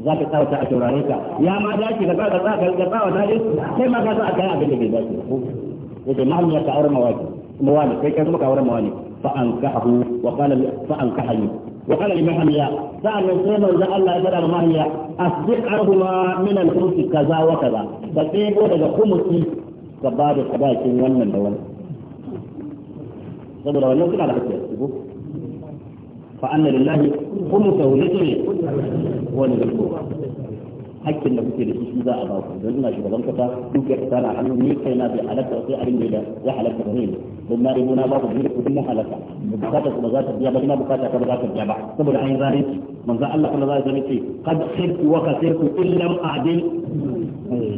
za ka tsawata a taurare ka ya ma dace ka tsawata ka ka tsawata ne sai ma ka za a kai abin da bai dace yace mahal ya ka aure mawaki mawani kai kai kuma ka aure mawani fa ankahu wa qala fa ankahani wa qala liman hamiya sa'an nan sai manzo Allah ya fada mahiya asbiq arhuma min al-khums kaza wa kaza ka tsebo daga khumsi ka ba da sadakin wannan da wannan saboda wannan suna da hakki فأن لله خمسه لسري وللقربى hakkin da kuke da shi za a ba ku don ina shugaban kasa dukiyar kasa na hannu ni kai na bai halatta sai abin da ya halatta ba ne don na rigo na ba ku biyu da kudin mu halatta bukata ku ba za ta biya ba ina bukata ka ba za ta biya ba saboda an yi zalunci manzo Allah kuma za ya zama ce qad khirtu wa kasirtu illam adil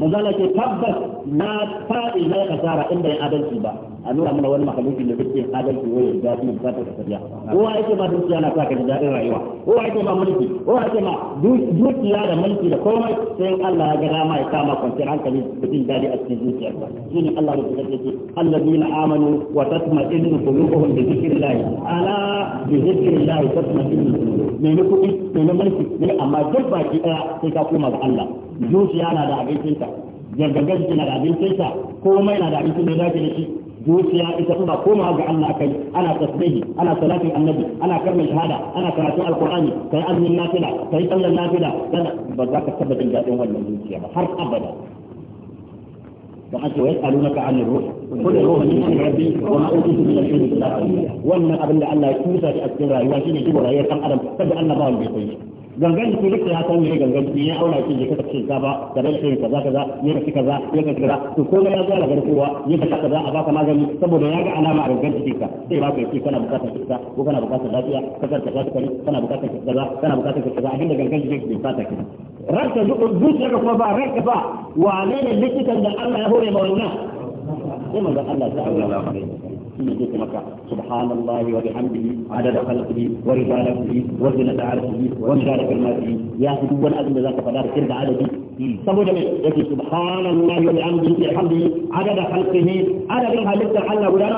manzo Allah ce tabbas na fa'i na kasara inda ya adalci ba a nuna mana wani makalukin da kake adalci wai wani dafi da zata ta tafiya kowa yake ma dukiya na sa ka ji daɗin rayuwa kowa yake ma mulki kowa yake ma dukiya da mulki da komai sai Allah ya ga dama ya kama kwanciyar hankali da jin daɗi a cikin zuciyar ne Allah ya tsaka ce alladina amanu wa tatma'innu qulubuhum bi dhikrillah ala bi dhikrillah tatma'innu qulubuhum ne kuɗi ne mulki ne amma duk baki ɗaya sai ka koma ga Allah zuciya na da abincinta gargagar na da abincinta komai na da abincin da zaki da shi zuciya ita tana koma ga Allah akai ana tasbihi ana salati annabi ana karmin shahada ana karatu alqur'ani kai azumin nafila kai sallar nafila kana ba za ka tabbata dadin wannan zuciya ba har abada وحتى يسألونك عن الروح قل الروح من أمر ربي وما أوتيت من العلم إلا قليلا وأن أبن الله يكون في أسرار وشيء يجب ولا يرحم أدم فجأة النظام بيقيم gangan jiki duk ya san ne gangan jiki ya auna shi ka tafi ka ba da rashin kaza kaza ne ka kaza ne ka kaza to ko ya ga daga kowa ne ka kaza a baka magani saboda ya ga alama a gangan jiki ka sai ba ka yi kana bukatar kisa ko kana bukatar lafiya kasar ka ta kare kana bukatar kaza kana bukatar kaza abinda gangan jiki ke fata ki ranka zuciya ka kuma ba ranka ba wane ne likitan da Allah ya hore ma wannan sai manzon Allah sallallahu alaihi wasallam سنة مكة سبحان الله وبحمده عدد خلقه ورضا نفسه وزنة عرشه ومدار كلماته يا أدوا أدنى ذاك فلا ترد عددي سبو جميع يقول سبحان الله وبحمده وبحمده عدد خلقه عدد خلقه حلا ولا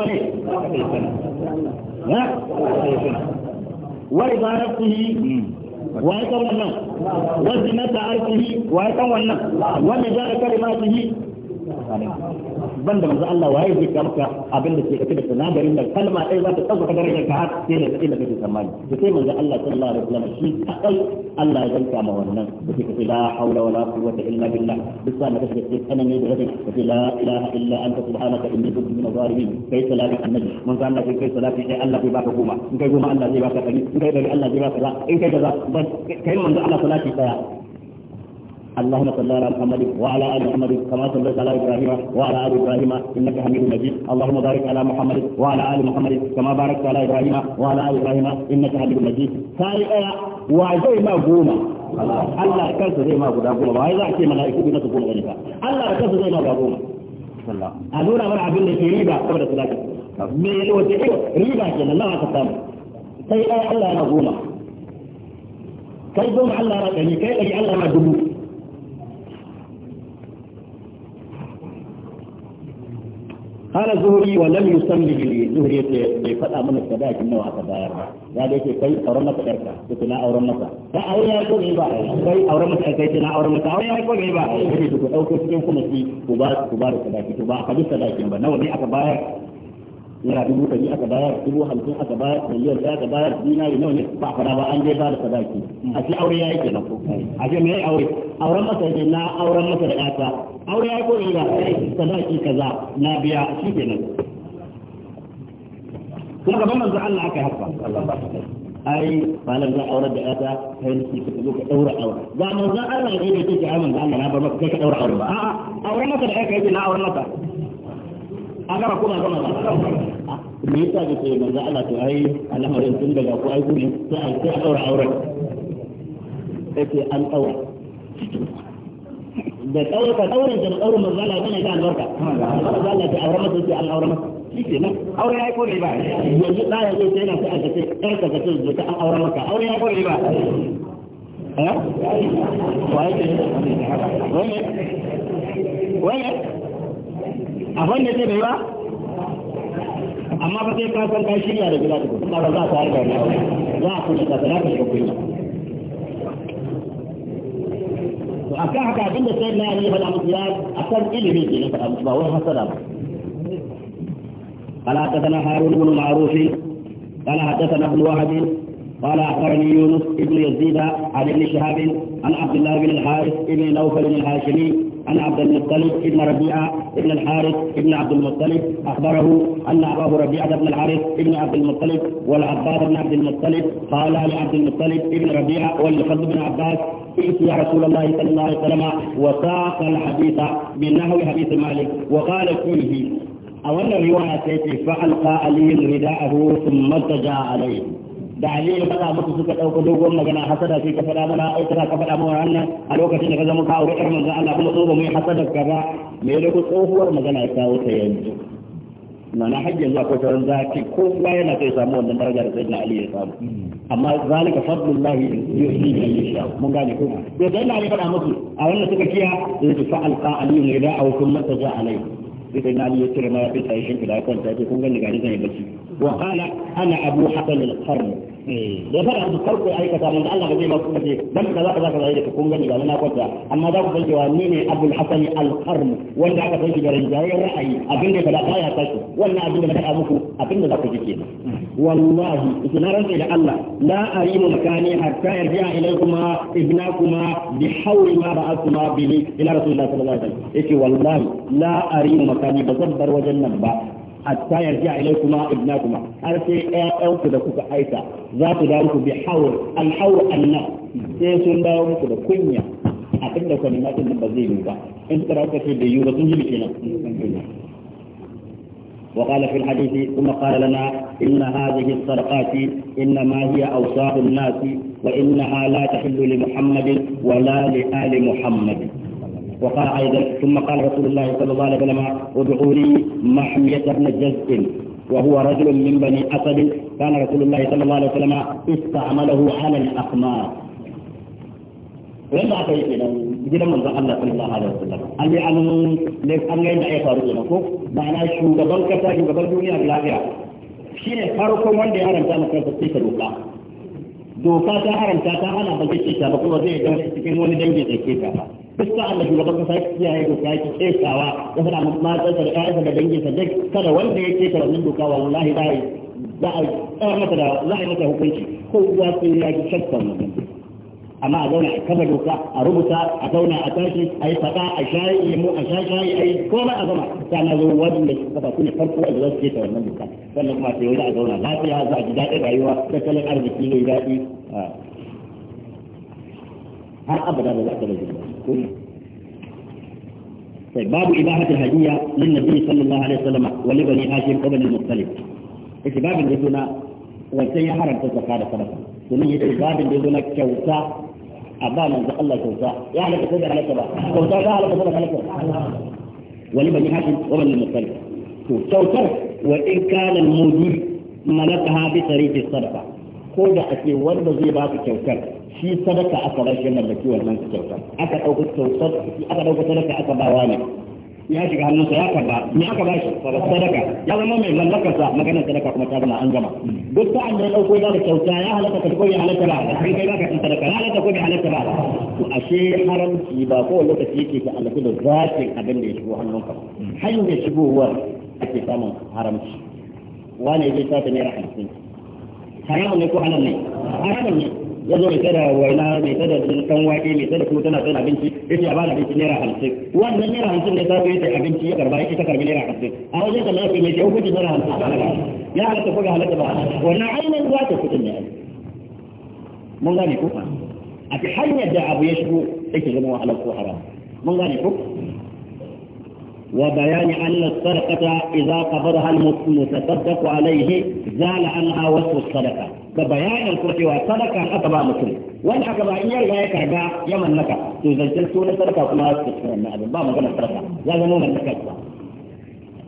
ورضا نفسه ويتولى وزنة عرشه ويتولى الناس ومدار كلماته ban da manzo Allah waye zai kamka abin da ke kace da sinadarin nan kalma ɗaya za ta tsaka darajar ka har sai da illa kake tsammani to sai manzo Allah sallallahu alaihi wasallam shi kai Allah ya zanka ma wannan da kace la haula wala quwwata illa billah duk sa maka kace tsanani da rabin kace la ilaha illa anta subhanaka inni kuntu min zalimin kai salati annabi manzo Allah kai salati sai Allah bai baka goma in kai goma Allah zai baka dari in kai dari Allah zai baka in kai kaza kai manzo Allah salati daya اللهم صل على محمد وعلى ال محمد كما صليت على ابراهيم وعلى ال ابراهيم انك حميد مجيد اللهم بارك على محمد وعلى ال محمد كما باركت على ابراهيم وعلى ال ابراهيم انك حميد مجيد ثاني وزي ما قوم الله كنت زي ما قد قوم وايضا كي ملائكه بنا تقول ذلك الله كنت زي ما قوم الله انا انا عبد الله في ريبا قبل ذلك من وجهه ريبا كان الله كتب ثاني الله نقوم كيف قوم الله كيف قال الله ما قال زهري ولم san لي زهري bai faɗa mana sadakin nawa aka bayar ba ya da yake kai auren masa yarka ko tuna auren masa ba aure ya ko ba kai auren masa kai auren masa aure ya ko ba yake ku dauko ku ku ba ba nawa ne aka bayar yana dubu ɗari aka bayar dubu hamsin aka bayar miliyan ɗaya aka bayar dinari nawa ne ba fara ba an dai ba da sadaki a ce aure ya ke nan a ce mai aure auren masa yake na auren masa da ƴata aure ya yi ko ina sadaki kaza na biya shi ke nan kuma gaban manzo Allah aka haka ai malam zan aure da ƴata kai ne ka zo ka daura aure ba manzo Allah ne yake ce ai manzo Allah na bar maka kai ka daura aure ba a'a auren masa da ƴata yake na auren masa an gama ko gama ba ah, me yasa da ke manzo Allah to ai al'amarin tun daga ai sai sai yake an da da manzo Allah ga albarka manzo Allah ta aure masa sai an aure masa aure yayi ko ba yanzu da sai na sai a ce ka ce da aure maka aure yayi ko ba eh wai ke wai wai a wanda ce bai ba amma ba sai ka kai shirya da gida tukun ba za ka harka ne za a kusa ka tsara shiga to haka abinda sai na yi faɗa musu ya ilimi ke ne faɗa musu ba wani hasada ba قال أخبرني يونس بن يزيد عن ابن شهاب عن عبد الله بن الحارث بن نوفل الهاشمي عن عبد المطلب بن ربيعة بن الحارث بن عبد المطلب أخبره أن أباه ربيعة بن الحارث بن عبد المطلب والعباد بن عبد المطلب قال لعبد المطلب بن ربيعة والفضل بن عباس ائت يا رسول الله صلى الله عليه وسلم وساق الحديث بنحو حديث مالك وقال فيه أولا رواية فألقى علي رداءه ثم اتجا عليه da aliyu faɗa muku suka ɗauka dogon magana hasada sai ka faɗa mana ai kana ka faɗa mana wannan a lokacin da ka zama ka aure ɗan Allah kuma so ba mu yi hasada ka ba me da ku tsohuwar magana ya kawo ta yanzu na na hajji yanzu akwai sauran zaki ko kuma yana sai samu wannan daraja da sayyidina ali ya samu amma zalika fadlullah yusi bi yasha mun gane ko to dan na ne faɗa muku a wannan suka kiya sai su fa alqa ali ne da a kun mata ja sai na ya cire ma ya fita shi da kwanta ya kun gani ga ni zai bacci wa qala ana abu hasan al-qarni ya fara su karko ya aikata mun Allah ba zai ba kuma ce dan da zaka zaka zai da kun gani ga na kwanta amma za ku san cewa ni ne Abdul Hasan Al-Qarn wanda aka san shi da rinjayen ra'ayi abin da kada baya tashi wannan abin da kada muku abin da za ku ji kenan wallahi ina rantsa da Allah la arimu makani hatta yarji'a ilaykuma ibnakuma bi hawli ma ba'athuma bihi ila rasulillahi sallallahu alaihi wasallam yace wallahi la arimu makani bazan bar wajen nan ba حتى يرجع إليكما ابناكما هذا شيء أو كذا كذا حيتا ذات ذلك بحور الحور أن سيس الله كذا كنيا أكيد لو كان بزيد كذا أنت رأيت في ديوه تنجي بكنا وقال في الحديث ثم قال لنا إن هذه الصدقات إنما هي أوصاف الناس وإنها لا تحل لمحمد ولا لآل محمد وقال أيضا ثم قال رسول الله صلى الله عليه وسلم ادعوا لي محمية بن جزء وهو رجل من بني أسد كان رسول الله صلى الله عليه وسلم استعمله على الأقمار wanda aka yi kenan gidan manzon Allah sallallahu alaihi wasallam an yi an ne an ga yadda ya faru kenan ko ma'ana shugaban kasa shugaban duniya da lafiya shine farkon wanda ya haranta maka sai ka roƙa doka ta haramta ta hana ba ke ta ba kuma zai dan cikin wani dangi da ke ta ba duk allah ya shugaban kasa ya yi doka ya ke tsawa ya fara da ayyuka da sa duk kada wanda ya ke ta wannan doka wallahi za a yi za a yi masa hukunci ko ya ce ya ji shakkan amma a zauna a kama doka a rubuta a zauna a tashi a yi faɗa a shayi mu a sha shayi a yi komai a zama ta na zo wajen da ba kuma farko a zuwa suke ta wannan doka sannan kuma sai wani a zauna lafiya za a ji daɗin rayuwa da tattalin arziki ne daɗi har abada da za a taɓa jirgin sai babu ibahatul hadiyya lin nabiy sallallahu alaihi wasallam wa li bani hashim ibn al-muqtalib yace babin da zuna wancan ya haranta zakka da sadaka domin yace babin da zuna kyauta أبانا أنت الله كوزا يعني كوزا على كوزا كوزا على كوزا على كوزا ولبني هاشم ومن المسلم كوزا وإن كان الموجود ملكها بطريق الصدقة كوزا أتي ورد زيبات كوزا في صدقة أكبر شيء من الذكي والمنك كوزا أكا أوكو كوزا أكا أوكو صدقة أكا بواني ya shiga hannunsa ya karba me aka bashi sadaka ya zama mai mallakarsa magana sadaka kuma ta zama an gama duk sa'an da ya dauko ya da kyauta ya halatta ka ko ya halatta ba da kai ba ka san sadaka ya halatta ko bai halatta ba to ashe haramci ba ko lokaci yake ta alaku da zakin abin da ya shigo hannunka hanyar shigowar ake samun haramci wani ya je sata naira hamsin haramun ne ko halal ne haramun ne ya zo mai tsada waina mai tsada dan wake mai tsada kuma tana tsada abinci ya ce a bada abinci naira hamsin wannan naira hamsin ne safe ta abinci ya karba ita karbi naira hamsin a wajen kamar yake mai kyau hukunci naira hamsin ya halatta ko ga halatta ba wannan ainihin ruwa ta kuɗin ne mun gane ko a ta hanyar da abu ya shigo yake zama wahalar ko haram mun gane ko وبيان أن الصدقة إذا قبضها المتصدق عليه زال عنها وصف الصدقة كبيان الكرسي والصدقة أتبع مسلم وإن أتبع إياه لا يكرجع يمن لك تزلزل سورة الصدقة وما يستثمر من أبو ما كان الصدقة لازم من لك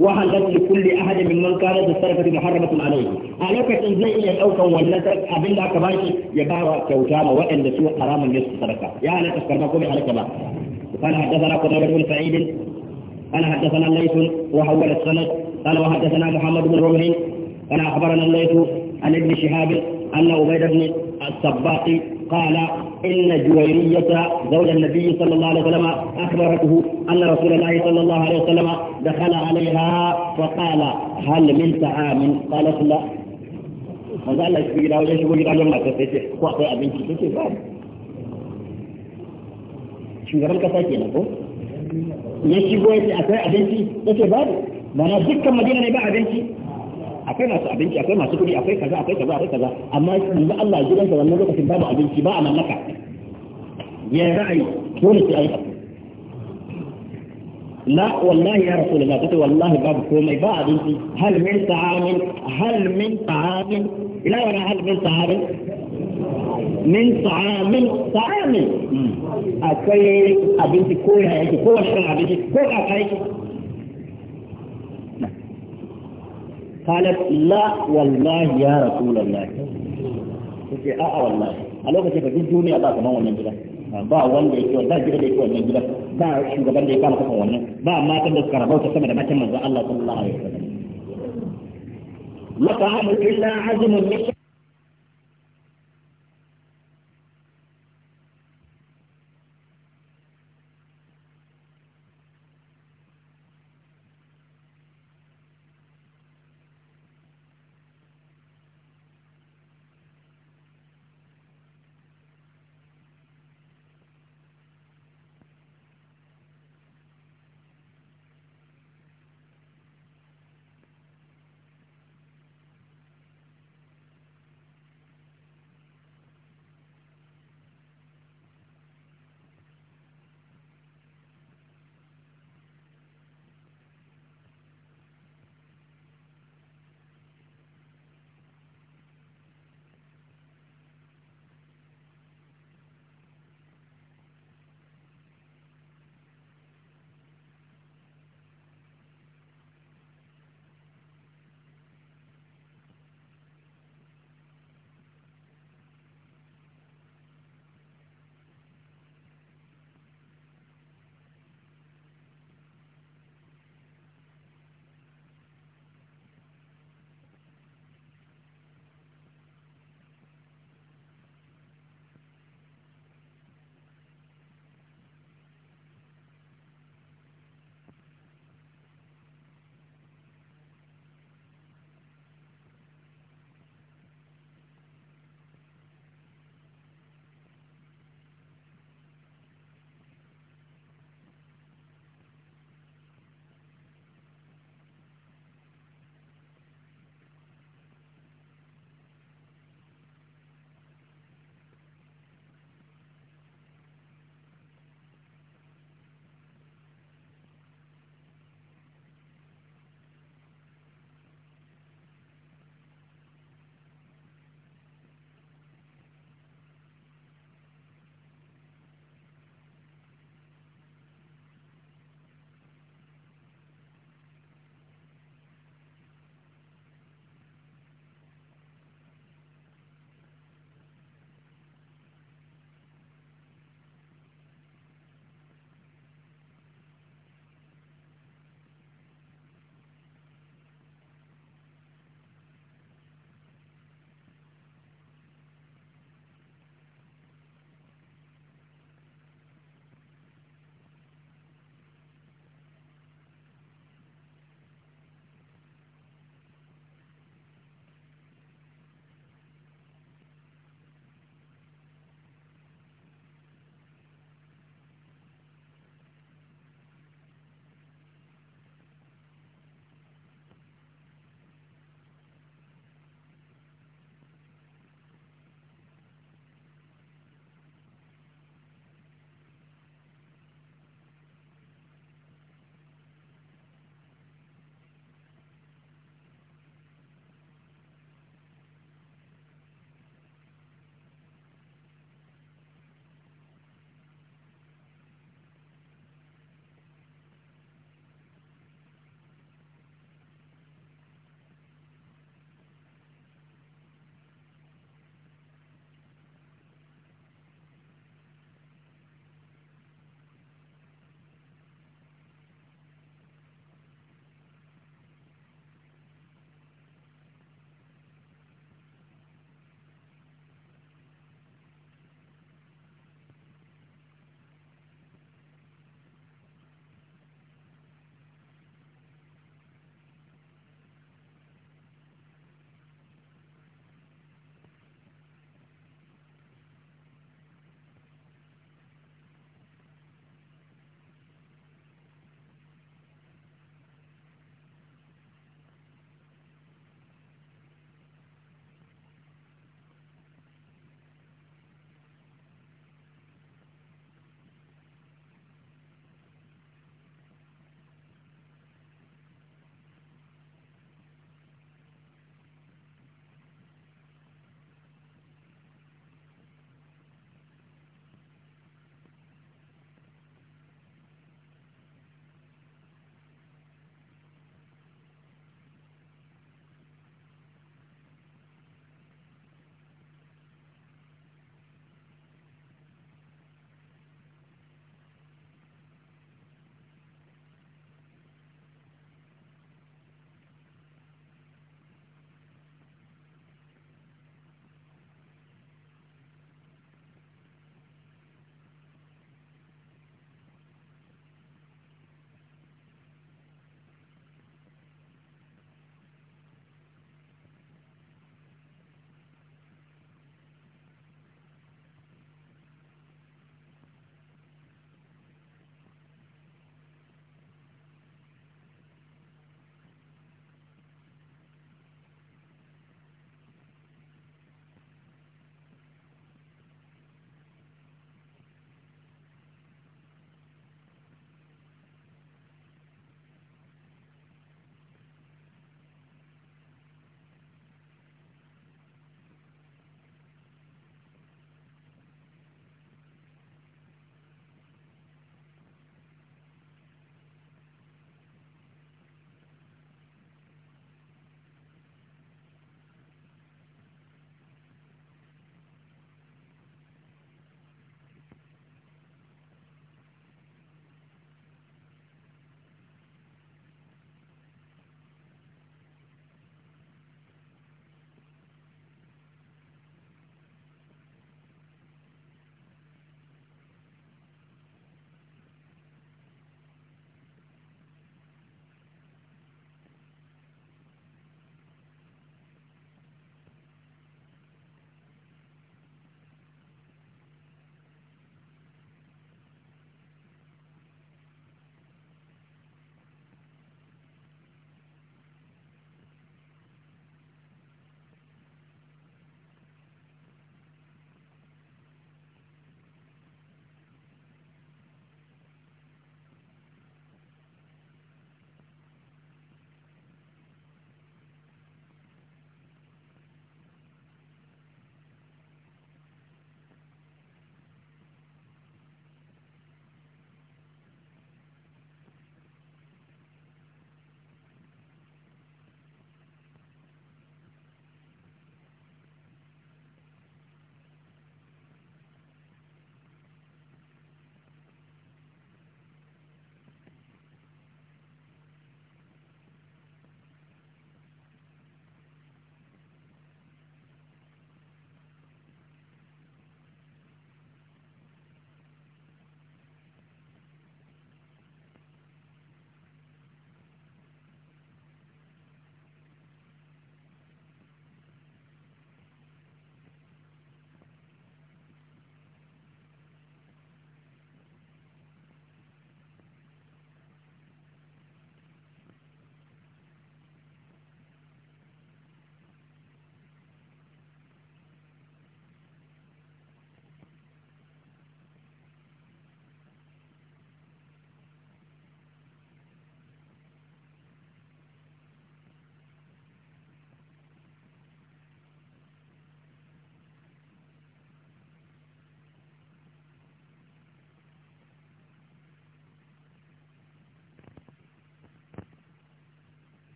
وحدث لكل أحد ممن كانت الصدقة محرمة عليه عليك تنزل إلى الأوكا والنسك أبن لك بايش يباوى كوتام وإن لسوء حرام لسوء صدقة يعني تذكر ما كل عليك بقى قال حدثنا قتيبة بن سعيد قال حدثنا الليث وحول السند قال وحدثنا محمد بن رمح قال اخبرنا الليث عن ابن شهاب ان عبيد بن الصباط قال ان جويريه زوج النبي صلى الله عليه وسلم اخبرته ان رسول الله صلى الله عليه وسلم دخل عليها فقال هل من طعام قالت لا manzo Allah shi gida wajen shigo gida don matar sai ce ko akwai abinci ya shigo ya ce akwai abinci ya ce babu mana dukkan madina ne ba abinci akwai masu abinci akwai masu kudi akwai kaza akwai kaza akwai kaza amma yanzu Allah gidansa wannan lokacin babu abinci ba a mallaka ya ra'ayi dole sai ayi لا والله يا رسول الله قلت والله باب كومي بعد هل من طعام هل من طعام لا ولا هل من طعام min ta'amin ta'amin akwai abinci ko ya yake ko wani abinci ko kaka yake قالت لا والله يا رسول الله kace a a wallahi a lokacin da duk duniya ba kaman wannan gida ba wanda yake ba gida da yake wannan gida ba shugaban da ya kama kafa wannan ba matan da suka rabauta sama da matan manzon Allah sallallahu alaihi wasallam la ta'amu illa azmun min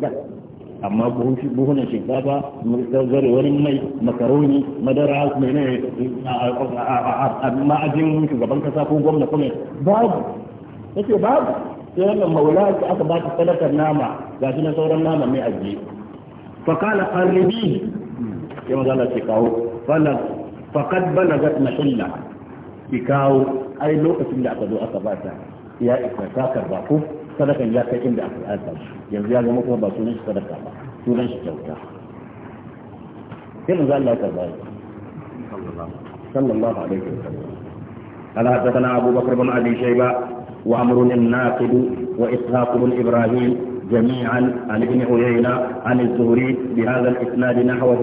gidan amma buhunan shinkafa zare wani mai makaroni madara mai mene ma'ajin shugaban kasa ko gwamna kuma babu yake babu sai wannan maula da aka ba ta sadakar nama ga shi na sauran nama mai ajiye fakala qala ya mazala manzo Allah ce kawo fala faqad balagat mahilla ki kawo ai lokacin da aka zo aka ba ta ya isa ta karba ko sadakan ya kai inda aka aika yanzu ya zama kuma ba sunan shi sadaka ba sunan shi kyauta sai manzo Allah ya karba sallallahu alaihi wasallam قال حدثنا أبو بكر بن wa شيبة وعمر الناقد وإسحاق بن إبراهيم جميعا عن ابن عيينة عن الزهري بهذا الإسناد نحوه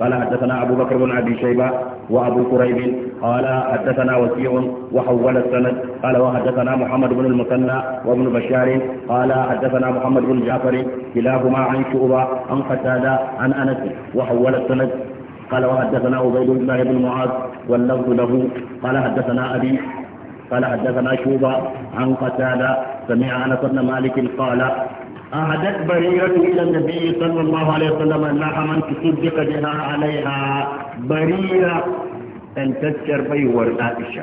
قال حدثنا أبو بكر بن أبي شيبة وأبو كريب قال حدثنا وكيع وحول السند قال وحدثنا محمد بن المثنى وابن بشار قال حدثنا محمد بن جعفر كلاهما عن شعبة عن قتادة عن أنس وحول السند قال وحدثنا عبيد الله بن معاذ واللفظ له قال حدثنا أبي قال حدثنا شوبة عن قتادة سمع أنس بن مالك قال أهدت بريرة إلى النبي صلى الله عليه وسلم لحما تصدق بها عليها بريرة أن تذكر بيور عائشة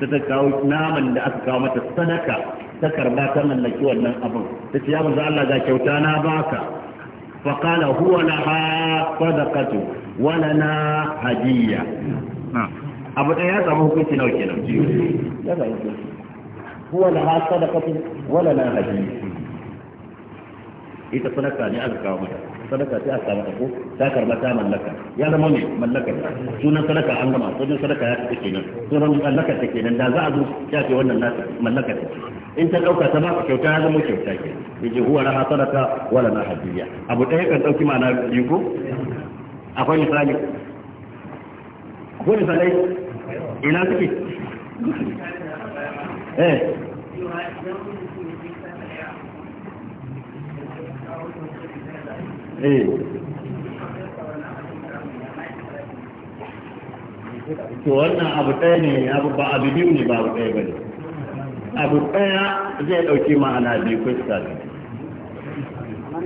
تتكاو ناما لأتكاو متى الصدقة تكر باكا من لك ولن أبو تتيام الله ذا كوتانا باكا فقال هو لها صدقة ولنا هدية نعم أبو تياز أبو كنت نوكي نوكي هو لها صدقة ولنا هدية ita sadaka ne aka kawo mata sadaka sai aka mata ko ta karba ta mallaka ya zama mai mallaka sunan sadaka an gama sunan sadaka ya take kenan sunan mallaka ta kenan da za a zo ya ce wannan nasa mallaka ta in ta dauka ta ba kyauta ya zama kyauta ke yace huwa raha sadaka wala na hadiya abu ɗaya kan dauki ma'ana biyu ko akwai misali akwai misali ina suke eh Eh. to wannan abu ɗaya ne abu ba abu biyu ne ba abu ɗaya ba ne abu ɗaya zai ɗauki ma'ana biyu fuska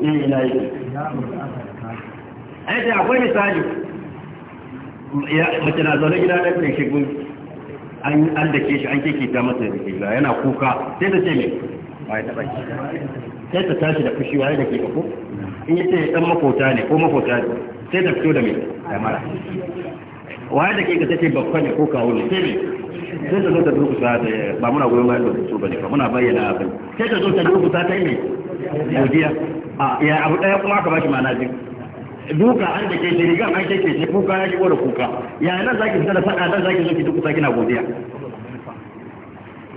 ne ina yi aiki akwai misali mace na zaune gida ɗan ɗan shigun an da ke shi an keke ta masa da ke yana kuka sai da ce mai ba ya taɓa shi sai ta tashi da fushi waye da ke ko in yace dan makota ne ko makota ne sai ta fito da me kamar waye da ke ka tace babba ne ko kawo ne sai sai ta zo ta sa ta ba muna goyon bayan da su bane ba muna bayyana abin sai ta zo ta sa ta yi me godiya a ya abu daya kuma aka bashi ma'ana biyu duka an da ke da riga an ke ce kuka ya shigo da kuka ya nan zaki fita da fada nan zaki zo ki sa kina godiya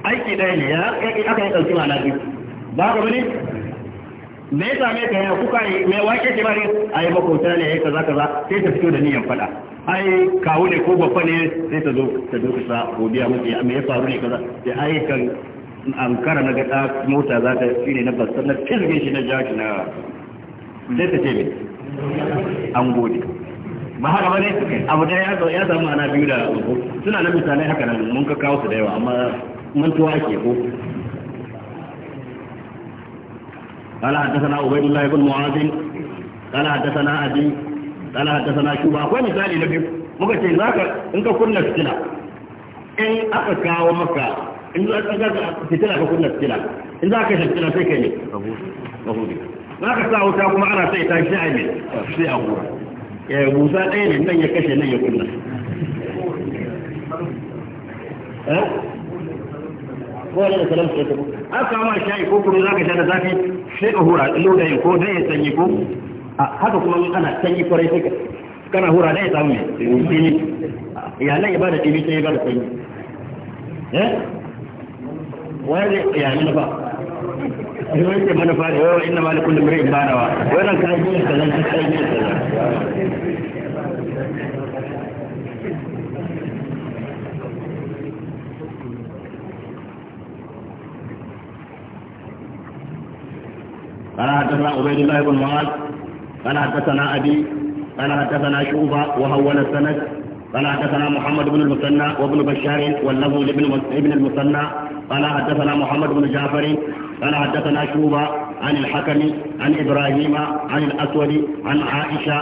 aiki ɗaya ne ya aka yi ɗauki ma'ana biyu ba ka bane me yasa me kai kuka yi me wake ce bari ai makota ne ai kaza kaza sai ta fito da niyan fada ai kawo ne ko babba ne sai ta zo ta zo kusa godiya muke me ya faru ne kaza sai ai kan an na gada mota za ta shine na basar na tilge shi na jaki na sai ta ce ne an gode ba haka ba ne abu da ya samu ana biyu da suna na misalai haka nan mun ka kawo su da yawa amma mantuwa ke ko قال حدثنا عبيد الله بن معاذ قال حدثنا أبي قال حدثنا شوبة أقوى مثالي لبيب muka ce za ka in ka kunna fitila in aka kawo maka in za ka fitila ka kunna fitila in za ka shi fitila sai kai ne mahudi za ka sa wuta kuma ana sai ta shi a ne sai a hura ya busa ɗaya ne nan ya kashe nan ya kunna ko wani da salam sai tabu aka ma shayi ko kuma za ka sha da zafi sai ka hura lokaci ko dai ya sanyi ko haka kuma ana sanyi kwarai sai kana hura dai ya samu ne sanyi iyalan ya bada dimi sai ya bada sanyi eh wani ne ba wani ke manufa da yawa inna malikul mri'in banawa wannan kai ne sanan sai ne sanan قال حدثنا عبيد الله بن معاذ قال حدثنا أبي قال حدثنا شعبة وهول السند قال حدثنا محمد بن المثنى وابن بشار واللفظ لابن ابن المثنى قال حدثنا محمد بن جعفر قال حدثنا شعبة عن الحكم عن إبراهيم عن الأسود عن عائشة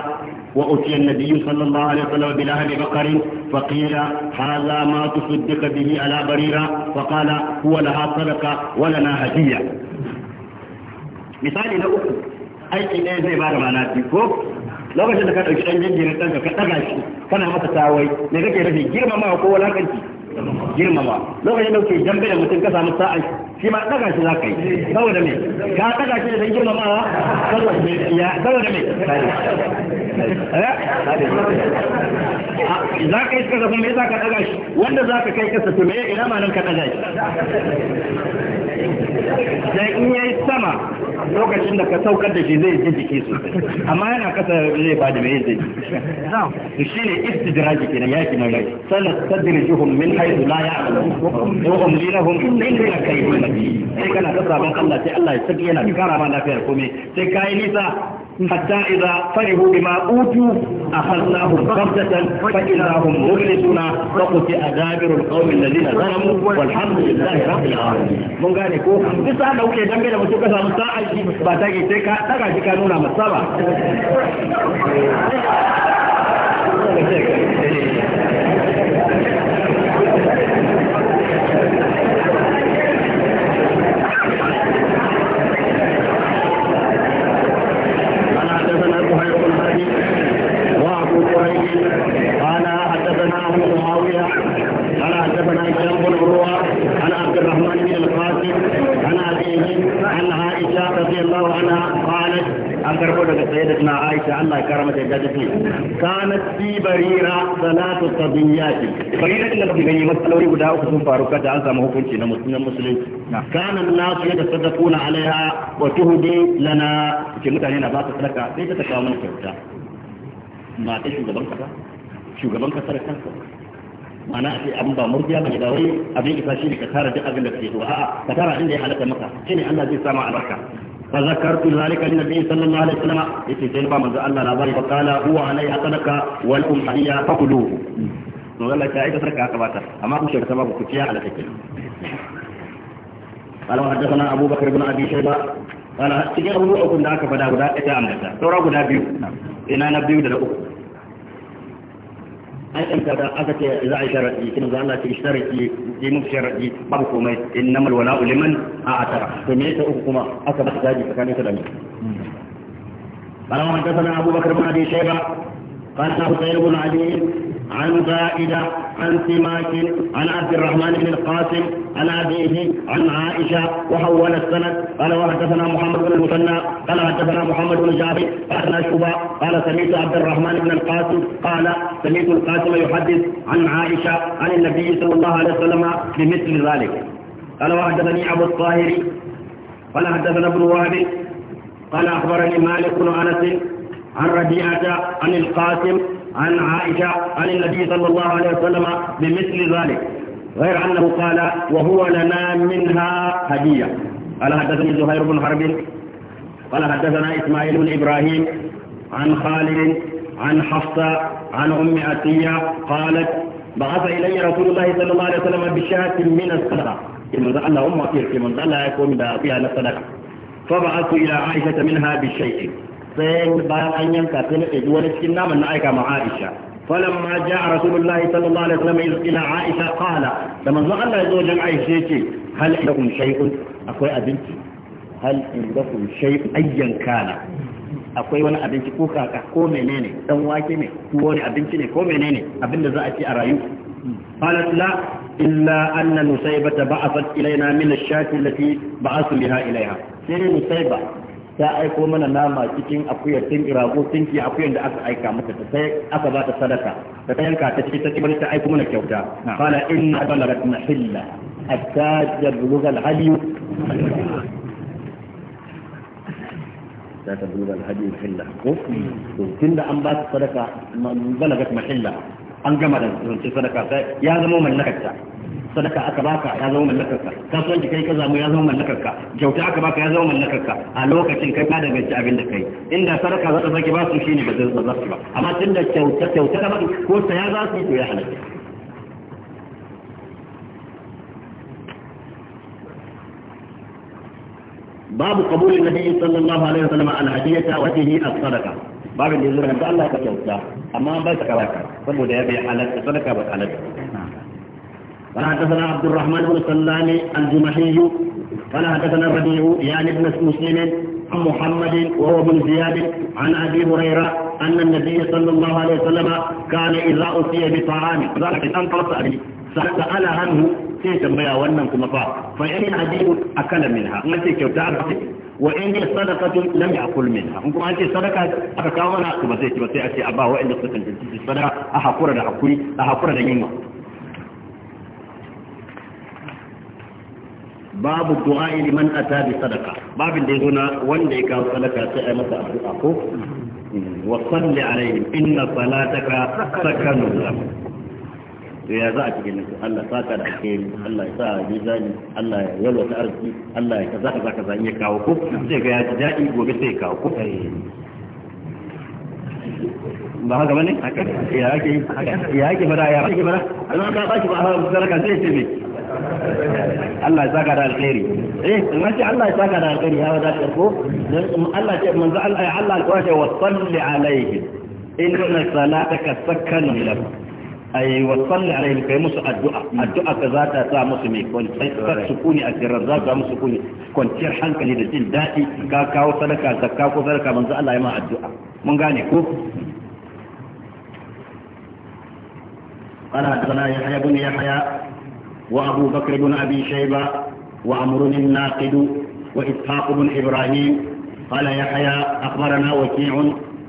وأتي النبي صلى الله عليه وسلم بلهب بقر فقيل هذا ما تصدق به على بريرة فقال هو لها صدقة ولنا هدية misali na uku aiki ɗaya zai ba da mana biyu ko lokacin da ka ɗauki ɗan jinjirin ɗanka ka ɗaga shi kana masa tawai ne kake rafi girmamawa ko walakanci girmamawa lokacin da kuke jambe da mutum ka samu sa'a shi ma daga shi za ka yi saboda me ka daga shi da girmamawa saboda me ya saboda me eh? za ka yi kasa me za ka daga shi wanda za ka kai kasa to me ina ma nan ka daga shi dan in yayi sama lokacin da ka saukar da shi zai ji jiki sosai amma yana kasa zai ba da me zai ji shi ne istidraji kenan ya yaki na rai sanat tadrijuhum min haythu la ya'lamun wa umlilahum min kaydin bi sai kana ta sabon Allah sai Allah ya saki yana kara ma lafiyar komai sai kai nisa hatta idza farihu bima utu akhadnahum qabdatan fa idahum mublisuna wa quti adabirul qawmi alladhina zalamu walhamdulillahi rabbil alamin mun gane ko duk sa da kuke dambe da mutum ka samu sa'a ba ta ke sai ka daga shi ka nuna masaba عائشة رضي الله عنها قالت أن تربونا سيدتنا عائشة الله كرمت يدتي كانت في بريرة صلاة القضيات بريرة التي بني مسألة وريد دعوة كسوم فاروكة عن سامه كنت مسلم مسلم كان الناس يتصدقون عليها وتهدي لنا كمتا هنا بات سلكا ليس تكامل كبتا ما تشو جبان كتا شو جبان كتا mana a ce an ba murjiya mai da abin isa shi ne ka tara duk abin da kake so a'a ka tara inda ya halatta maka shi ne Allah zai sama albarka fa zakartu zalika lin nabi sallallahu alaihi wasallam yace sai ba manzo Allah labari ba kala huwa alai aqlaka wal umhiya fakuluhu to Allah ka aika sarka aka bata amma ku shekara ba ku ciya halatta kenan قال وحدثنا أبو بكر بن أبي شيبة قال تجي أبو أكون ذاك فدا غدا إتا أمدا تورا biyu. ina na biyu دا uku. ai kan kaza aka ce za a yi sharadi kin za Allah ce sharadi ji mu sharadi babu komai innamal wala'u liman a'tara to me yasa uku kuma aka bata gadi tsakanin ka da ni قال وحدثنا ابو بكر بن ابي شيبه قال حسين بن علي عن زائدة عن سماك عن عبد الرحمن بن القاسم عن أبيه عن عائشة وحول السند قال وحدثنا محمد بن المثنى قال حدثنا محمد بن جابر قال شبا قال سمعت عبد الرحمن بن القاسم قال سمعت القاسم يحدث عن عائشة عن النبي صلى الله عليه وسلم بمثل ذلك قال وحدثني أبو الطاهر قال حدثنا ابن وهب قال أخبرني مالك بن أنس عن ربيعة عن القاسم عن عائشة عن النبي صلى الله عليه وسلم بمثل ذلك غير أنه قال وهو لنا منها هدية قال حدثني زهير بن حرب قال حدثنا إسماعيل بن إبراهيم عن خالد عن حفصة عن أم أتية قالت بعث إلي رسول الله صلى الله عليه وسلم بشاة من الصدقة من أم الله في من ذا الله يكون فيها الصدقة فبعثت إلى عائشة منها بشيء sai bayan an yanka sai na ɗebi wani cikin naman na aika ma Aisha فلما جاء رسول الله Aisha. الله da وسلم allah عائشة قال لما زغل الله يزوج عائشة هل عندكم شيء أخوي أبنتي هل عندكم شيء أيا كان akwai wani abinci ko kaka ko menene dan wake ne ko wani abinci ne ko menene abinda za a ci a rayu qalat la illa ba nusaybata ba'athat ilaina min ash-shati allati ba'athu biha ilaiha sai ta aiko mana nama cikin akuyar tun irako ki akuyan da aka aika mata ta sai aka ba ta sadaka ta ta yanka ta ce ta kibar ta aiko mana kyauta qala inna balagat mahilla hatta yablugha alhadi ta tablugha alhadi hadi mahilla ko to tunda an ba ta sadaka balagat mahilla an gama da sadaka sai ya zama mallakarta sadaka aka baka ya zama mallakarka kasuwanci kai ka zamu ya zama mallakarka kyauta aka baka ya zama mallakarka a lokacin kai ka ci abin da kai inda sadaka za ta sake ba su shine ba zai su ba amma tunda kyauta kyauta ta faɗi ko saya za su to ya halatta babu قبول النبي صلى الله عليه وسلم على هدية وجهه الصدقة باب babin da yanzu الله Allah أما kyauta amma ba ta karaka saboda ya bai sadaka ba قال حدثنا عبد الرحمن بن سلام الجمحي قال حدثنا الربيع يعني ابن مسلم عن محمد وهو بن زياد عن ابي هريره ان النبي صلى الله عليه وسلم كان اذا اوتي بطعام قال حسان طلب سالي سال عنه في تمايا ونم كما قال فان العجيب اكل منها ما في كتاب وان صدقه لم ياكل منها ان كنت صدقه فكاونا كما سيكي بس اكي اباه وان الصدقه احقر الحقري احقر الحقري babu du'a ili man ata bi sadaqa babin da yazo na wanda ya kawo sadaka sai ai masa addu'a ko wa salli alayhi inna salataka sakanu lahum to ya za a cikin nan Allah saka da alheri Allah ya sa mizani Allah ya ta arziki Allah ya kaza kaza kaza ya kawo ko sai ga ya ji dadi gobe sai ya kawo ko ba haka bane ya ake ya ake fara ya ake fara Allah ka ba shi ba haka sarka sai ce ne Allah ya saka da alkhairi eh in ce Allah ya saka da alkhairi ya wada ka ko in Allah ce manzo Allah ya Allah alkhairi wa salli alaihi inna salataka sakkan lak ay wa salli alaihi kai musu addu'a addu'a ka zata sa musu mai kwanciyar sukuni a jirar za ta musu kuni kwanciyar hankali da jin dadi ka kawo sadaka zakka ko sadaka manzo Allah ya ma addu'a mun gane ko قال حدثنا يحيى بن يحيى وأبو بكر بن أبي شيبة وعمر الناقد وإسحاق بن إبراهيم قال يحيى أخبرنا وكيع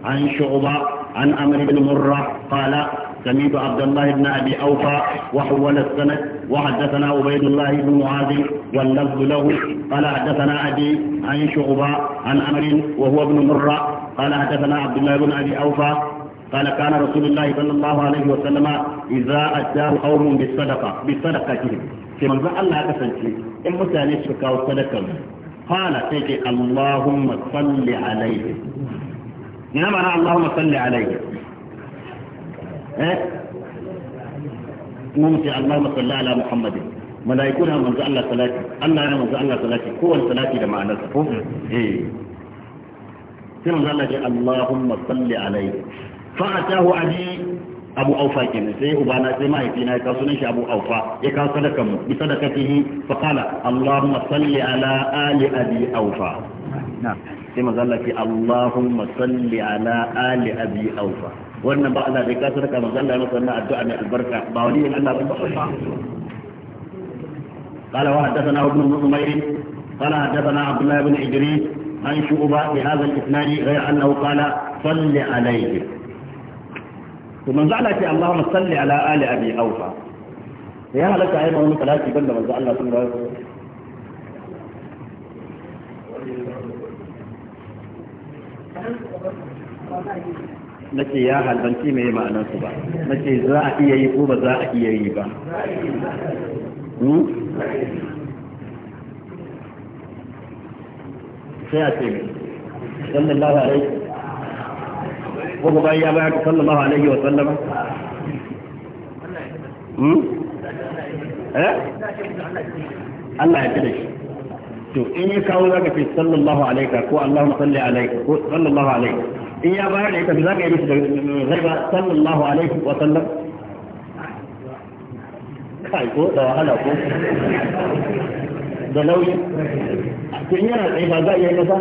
عن شعبة عن أمر بن مرة قال سميت عبد الله بن أبي أوفى وحول السند وحدثنا عبيد الله بن معاذ واللفظ له قال حدثنا أبي عن شعبة عن أمر وهو ابن مرة قال حدثنا عبد الله بن أبي أوفى قال كان رسول الله صلى الله عليه وسلم إذا أتاه قوم بالصدقة بصدقتهم في منظر الله كسنتي إن متاني شكا وصدقا قال تيجي اللهم صل عليه نعم أنا اللهم صل عليه إيه ممتع اللهم صل على محمد ملائكون منزل الله صلاتي الله أنا منزل الله صلاتي هو صلاتي لما أنا إيه في manzo الله اللهم صل عليه فأتاه أبي أبو اوفا كنا سي أبانا سي ما يفينا يكاسونيش أبو أوفى يكاس صدقه بصدقته فقال اللهم صل على آل أبي اوفا نعم سيما ذلك اللهم صل على آل أبي اوفا wannan ba Allah zai kasa daga manzo Allah masa wannan addu'a mai albarka ba wani Allah ba قال وحدثنا ابن نمير قال حدثنا عبد الله بن ادريس عن شعبه بهذا الاسناد غير انه قال صل عليهم ومن زعلك اللهم صل على آل أبي أوفى يا لك أيضا من ثلاثة بل من زعلك الله يا هل بنتي ما انا سبا نكي زاء إيه يقوب زاء إيه يبا سياتي صلى الله عليه وسلم ko ko bayan ya bayar ka sallallahu alaihi wa sallama hmm eh Allah ya tada shi to in ya kawo zaka ce sallallahu alaika ko Allahumma salli alaika ko sallallahu alaika in ya bayar da ita za ka yi da zaiba sallallahu alaihi wa sallam kai ko da wahala ko da nauyi to in yana tsaye ba za a yi nasa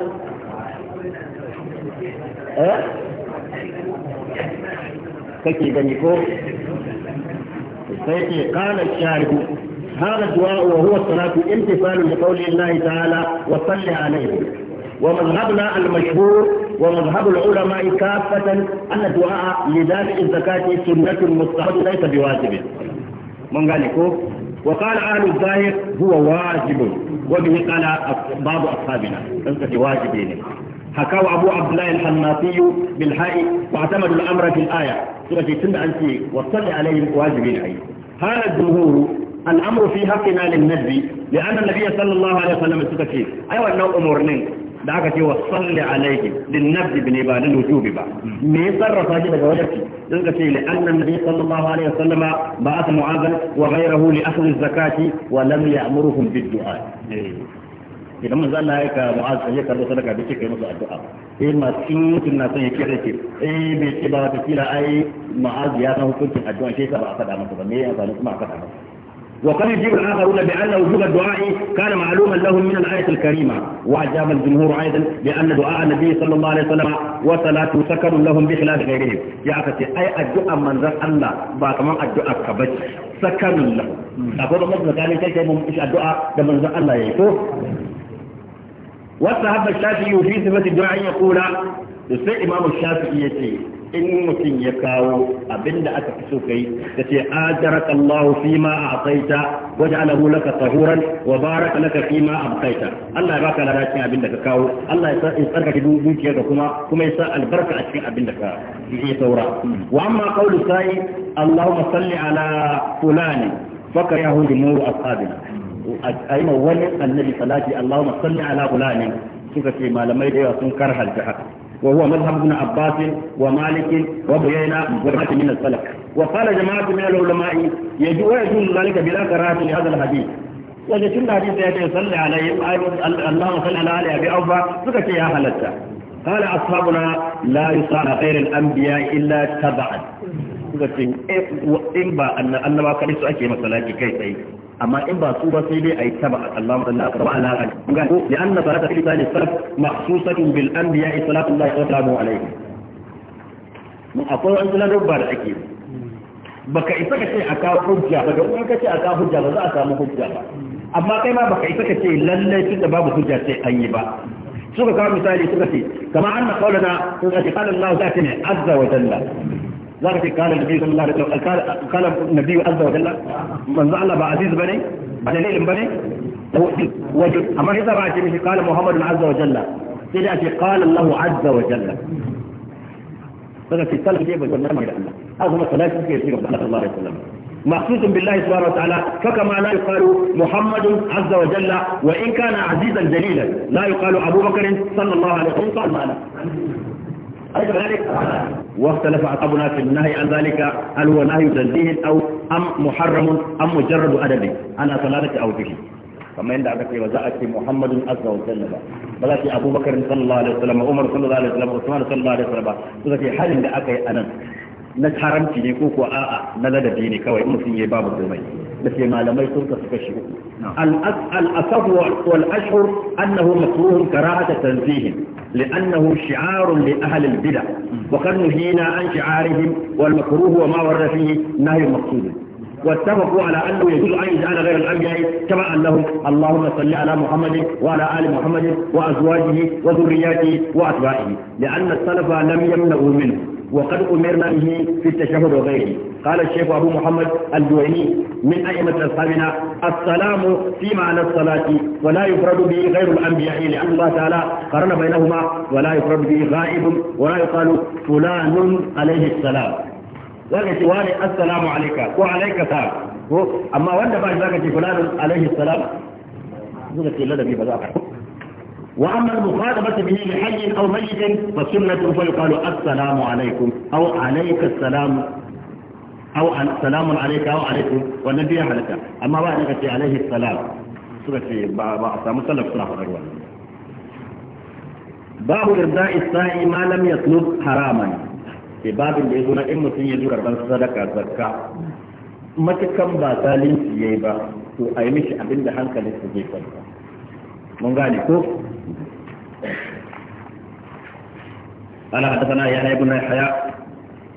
eh kake gani ko sai ce هذا الدعاء وهو الصلاة امتثال لقول الله تعالى وصل عليه ومذهبنا المشهور ومذهب العلماء كافة أن الدعاء لذات الزكاة سنة مستحبة ليس بواجب من قال وقال آل الظاهر هو واجب وبه قال بعض أصحابنا ليس بواجبين حكاو أبو عبد الله الحناطي بالحائي واعتمد الأمر في الآية سورة سنة أنت وصل عليهم واجب العين هذا الظهور الأمر في حقنا للنبي لأن النبي صلى الله عليه وسلم سكتي أيوة نو أمورنين دعك تي وصل عليهم للنبي بن إبان الوجوب بقى ميسا الرصاجي بجوجتي سكتي لأن النبي صلى الله عليه وسلم بعث معاذ وغيره لأخذ الزكاة ولم يأمرهم بالدعاء إيه. idan mun Allah aika ka ya karbo sadaka da kike musu addu'a eh masu mutun na sai kike kike eh bai ce ba ta kila ai mu'az ya san hukuncin addu'a sai ka ba a faɗa masa ba me ya amfani kuma a faɗa masa وقد يجيب الآخرون بأن وجوب الدعاء كان معلوما لهم من الآية الكريمة وأجاب الجمهور أيضا بأن دعاء النبي صلى الله عليه وسلم وصلاته سكر لهم بخلاف غيرهم يعكس أي الدعاء من ذا الله باكما الدعاء كبج سكر لهم أقول الله تعالى كيف يمكن الدعاء ده ذا الله يكون واستحب الشافعي في صفة الدعاء يقول sai imamu shafi'i ya ce in mutum ya kawo abinda aka fi so kai da ce ajaraka Allah fi ma a asaita waje alahu hulaka tahuran wa baraka laka fi ma a asaita Allah ya baka lalacin abinda ka kawo Allah ya sa tsarkake dukiyar ka kuma kuma ya sa albarka a cikin abinda ka yi saura wa amma qawlu sa'i Allahumma salli ala fulani fakarahu jumhur ashabina أين مولى النبي صلى الله عليه اللهم صل على غلام كيف في ما لم يدعوا سن كره الجحر وهو مذهب ابن عباس ومالك وبيينة وجماعة من السلف وقال جماعة من العلماء يجوز يجوز ذلك بلا قراءة لهذا الحديث وجد كل حديث يأتي صلى عليهم اللهم صل على آل أبي أوفى سكة يا حلتا قال أصحابنا لا يصال غير الأنبياء إلا تبعا سكة إنبا أن أنبا قبل سؤالك مثلا كيف amma in ba su ba sai dai ayi taba Allah mu Allah akbar ala ali ga ko ya anna salata fi lisan salaf mahsusatun bil anbiya salatu Allah wa salamu alaihi mun akwai an sunan rubba da ake baka isa ka ce a aka hujja ba da kuma ka ce a aka hujja ba za a samu hujja ba amma kai ma baka isa ka ce lallai lalle da babu hujja sai an yi ba suka kawo misali suka ce kamar kama anna qaulana suka ce qala Allah zati ne azza wa jalla ذلك قال النبي صلى الله عليه وسلم قال النبي عز وجل من زعل بعزيز بني بعد ليل بني وجد اما اذا رايت به قال محمد عز وجل الى قال الله عز وجل فذلك في السلف كيف يقول نعم الله هذا هو الثلاث كيف يصير صلى الله عليه وسلم مخصوص بالله سبحانه وتعالى فكما لا يقال محمد عز وجل وان كان عزيزا جليلا لا يقال ابو بكر صلى الله عليه وسلم قال ما واختلف أصحابنا في النهي عن ذلك هل هو نهي تنزيه أو أم محرم أم مجرد أدبي على ثلاثة أوجه kamar yadda aka ce ba za a ce Muhammadun azza wa jalla ba ba za a ce Abu Bakar sallallahu alaihi wasallam Umar sallallahu alaihi wasallam Usman sallallahu alaihi wasallam ba su ce halin da aka yi anan na haramci ne ko ko a'a na ladabi ne kawai mutum yayi babu komai ashhur annahu لأنه شعار لأهل البدع وقد نهينا عن شعارهم والمكروه وما ورد فيه نهي مقصود واتفقوا على انه يجوز ان يجعل غير الانبياء كما أنهم اللهم صل على محمد وعلى ال محمد وازواجه وذرياته واتباعه لان السلف لم يمنعوا منه وقد أمرنا به في التشهد وغيره قال الشيخ أبو محمد الجويني من أئمة أصحابنا السلام في معنى الصلاة ولا يفرد به غير الأنبياء لأن الله تعالى قرن بينهما ولا يفرد به غائب ولا يقال فلان عليه السلام وقت واني السلام عليك وعليك السلام أما وانت بعد ذلك فلان عليه السلام الذي وأما المخاطبة به لحي أو ميت فسنة فيقال السلام عليكم أو عليك السلام أو السلام عليك أو عليكم والنبي هلك أما وأنك عليه السلام سورة بعض مسلف صلاح الأول باب إرضاء السائي ما لم يطلب حراما في باب da ya zo na in mutum ya zo karban sadaka zakka matukan ba zalunci yayi ba to a yi mishi abin da hankalin su zai kwanta mun gane ko قال حدثنا يحيى بن يحيى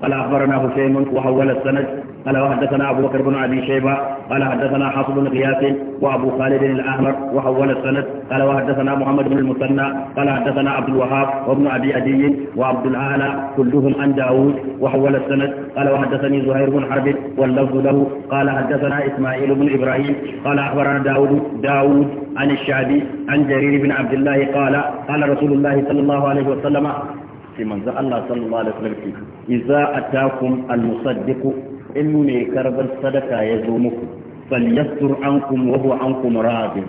قال اخبرنا حسين وحول السند قال وحدثنا أبو بكر بن أبي شيبة قال حدثنا حفص بن غياث وأبو خالد الأحمر وحول السند قال وحدثنا محمد بن المثنى قال حدثنا عبد الوهاب وابن أبي أدي وعبد الأعلى كلهم عن داوود وحول السند قال وحدثني زهير بن حرب واللفظ له قال حدثنا إسماعيل بن إبراهيم قال أخبرنا داوود داوود عن الشعبي عن جرير بن عبد الله قال قال رسول الله صلى الله عليه وسلم في منزل الله صلى الله عليه وسلم إذا أتاكم المصدق in mai karbar sadaka ya zo muku falyastur ankum wa huwa ankum radin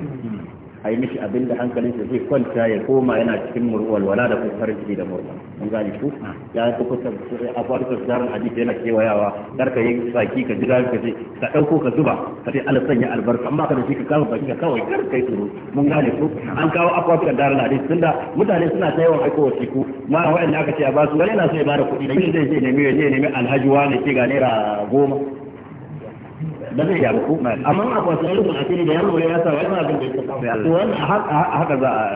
a yi mishi abin da hankalin hankalinsa zai kwanta ya koma yana cikin murwal wala da kuma farin ciki da murna mun gane ku ya ta kusa a farko zarin hadisi yana kewayawa kar ka yi saki ka jira ka ce ka dauko ka zuba ka ce Allah sanya albarka amma ka da shi ka kawo baki ka kawai kar kai tsoro mun gane ku an kawo a akwatin darin hadisi tunda mutane suna ta yawan aiko ku ma wa'anda aka ce a basu wani yana so ya bada kuɗi da yin zai je nemi ya je nemi alhaji wani ke ga naira goma ba zai ya ku amma a kwasan rufin asiri da yaro ya sa wani abin da ya kasa to wannan haka za a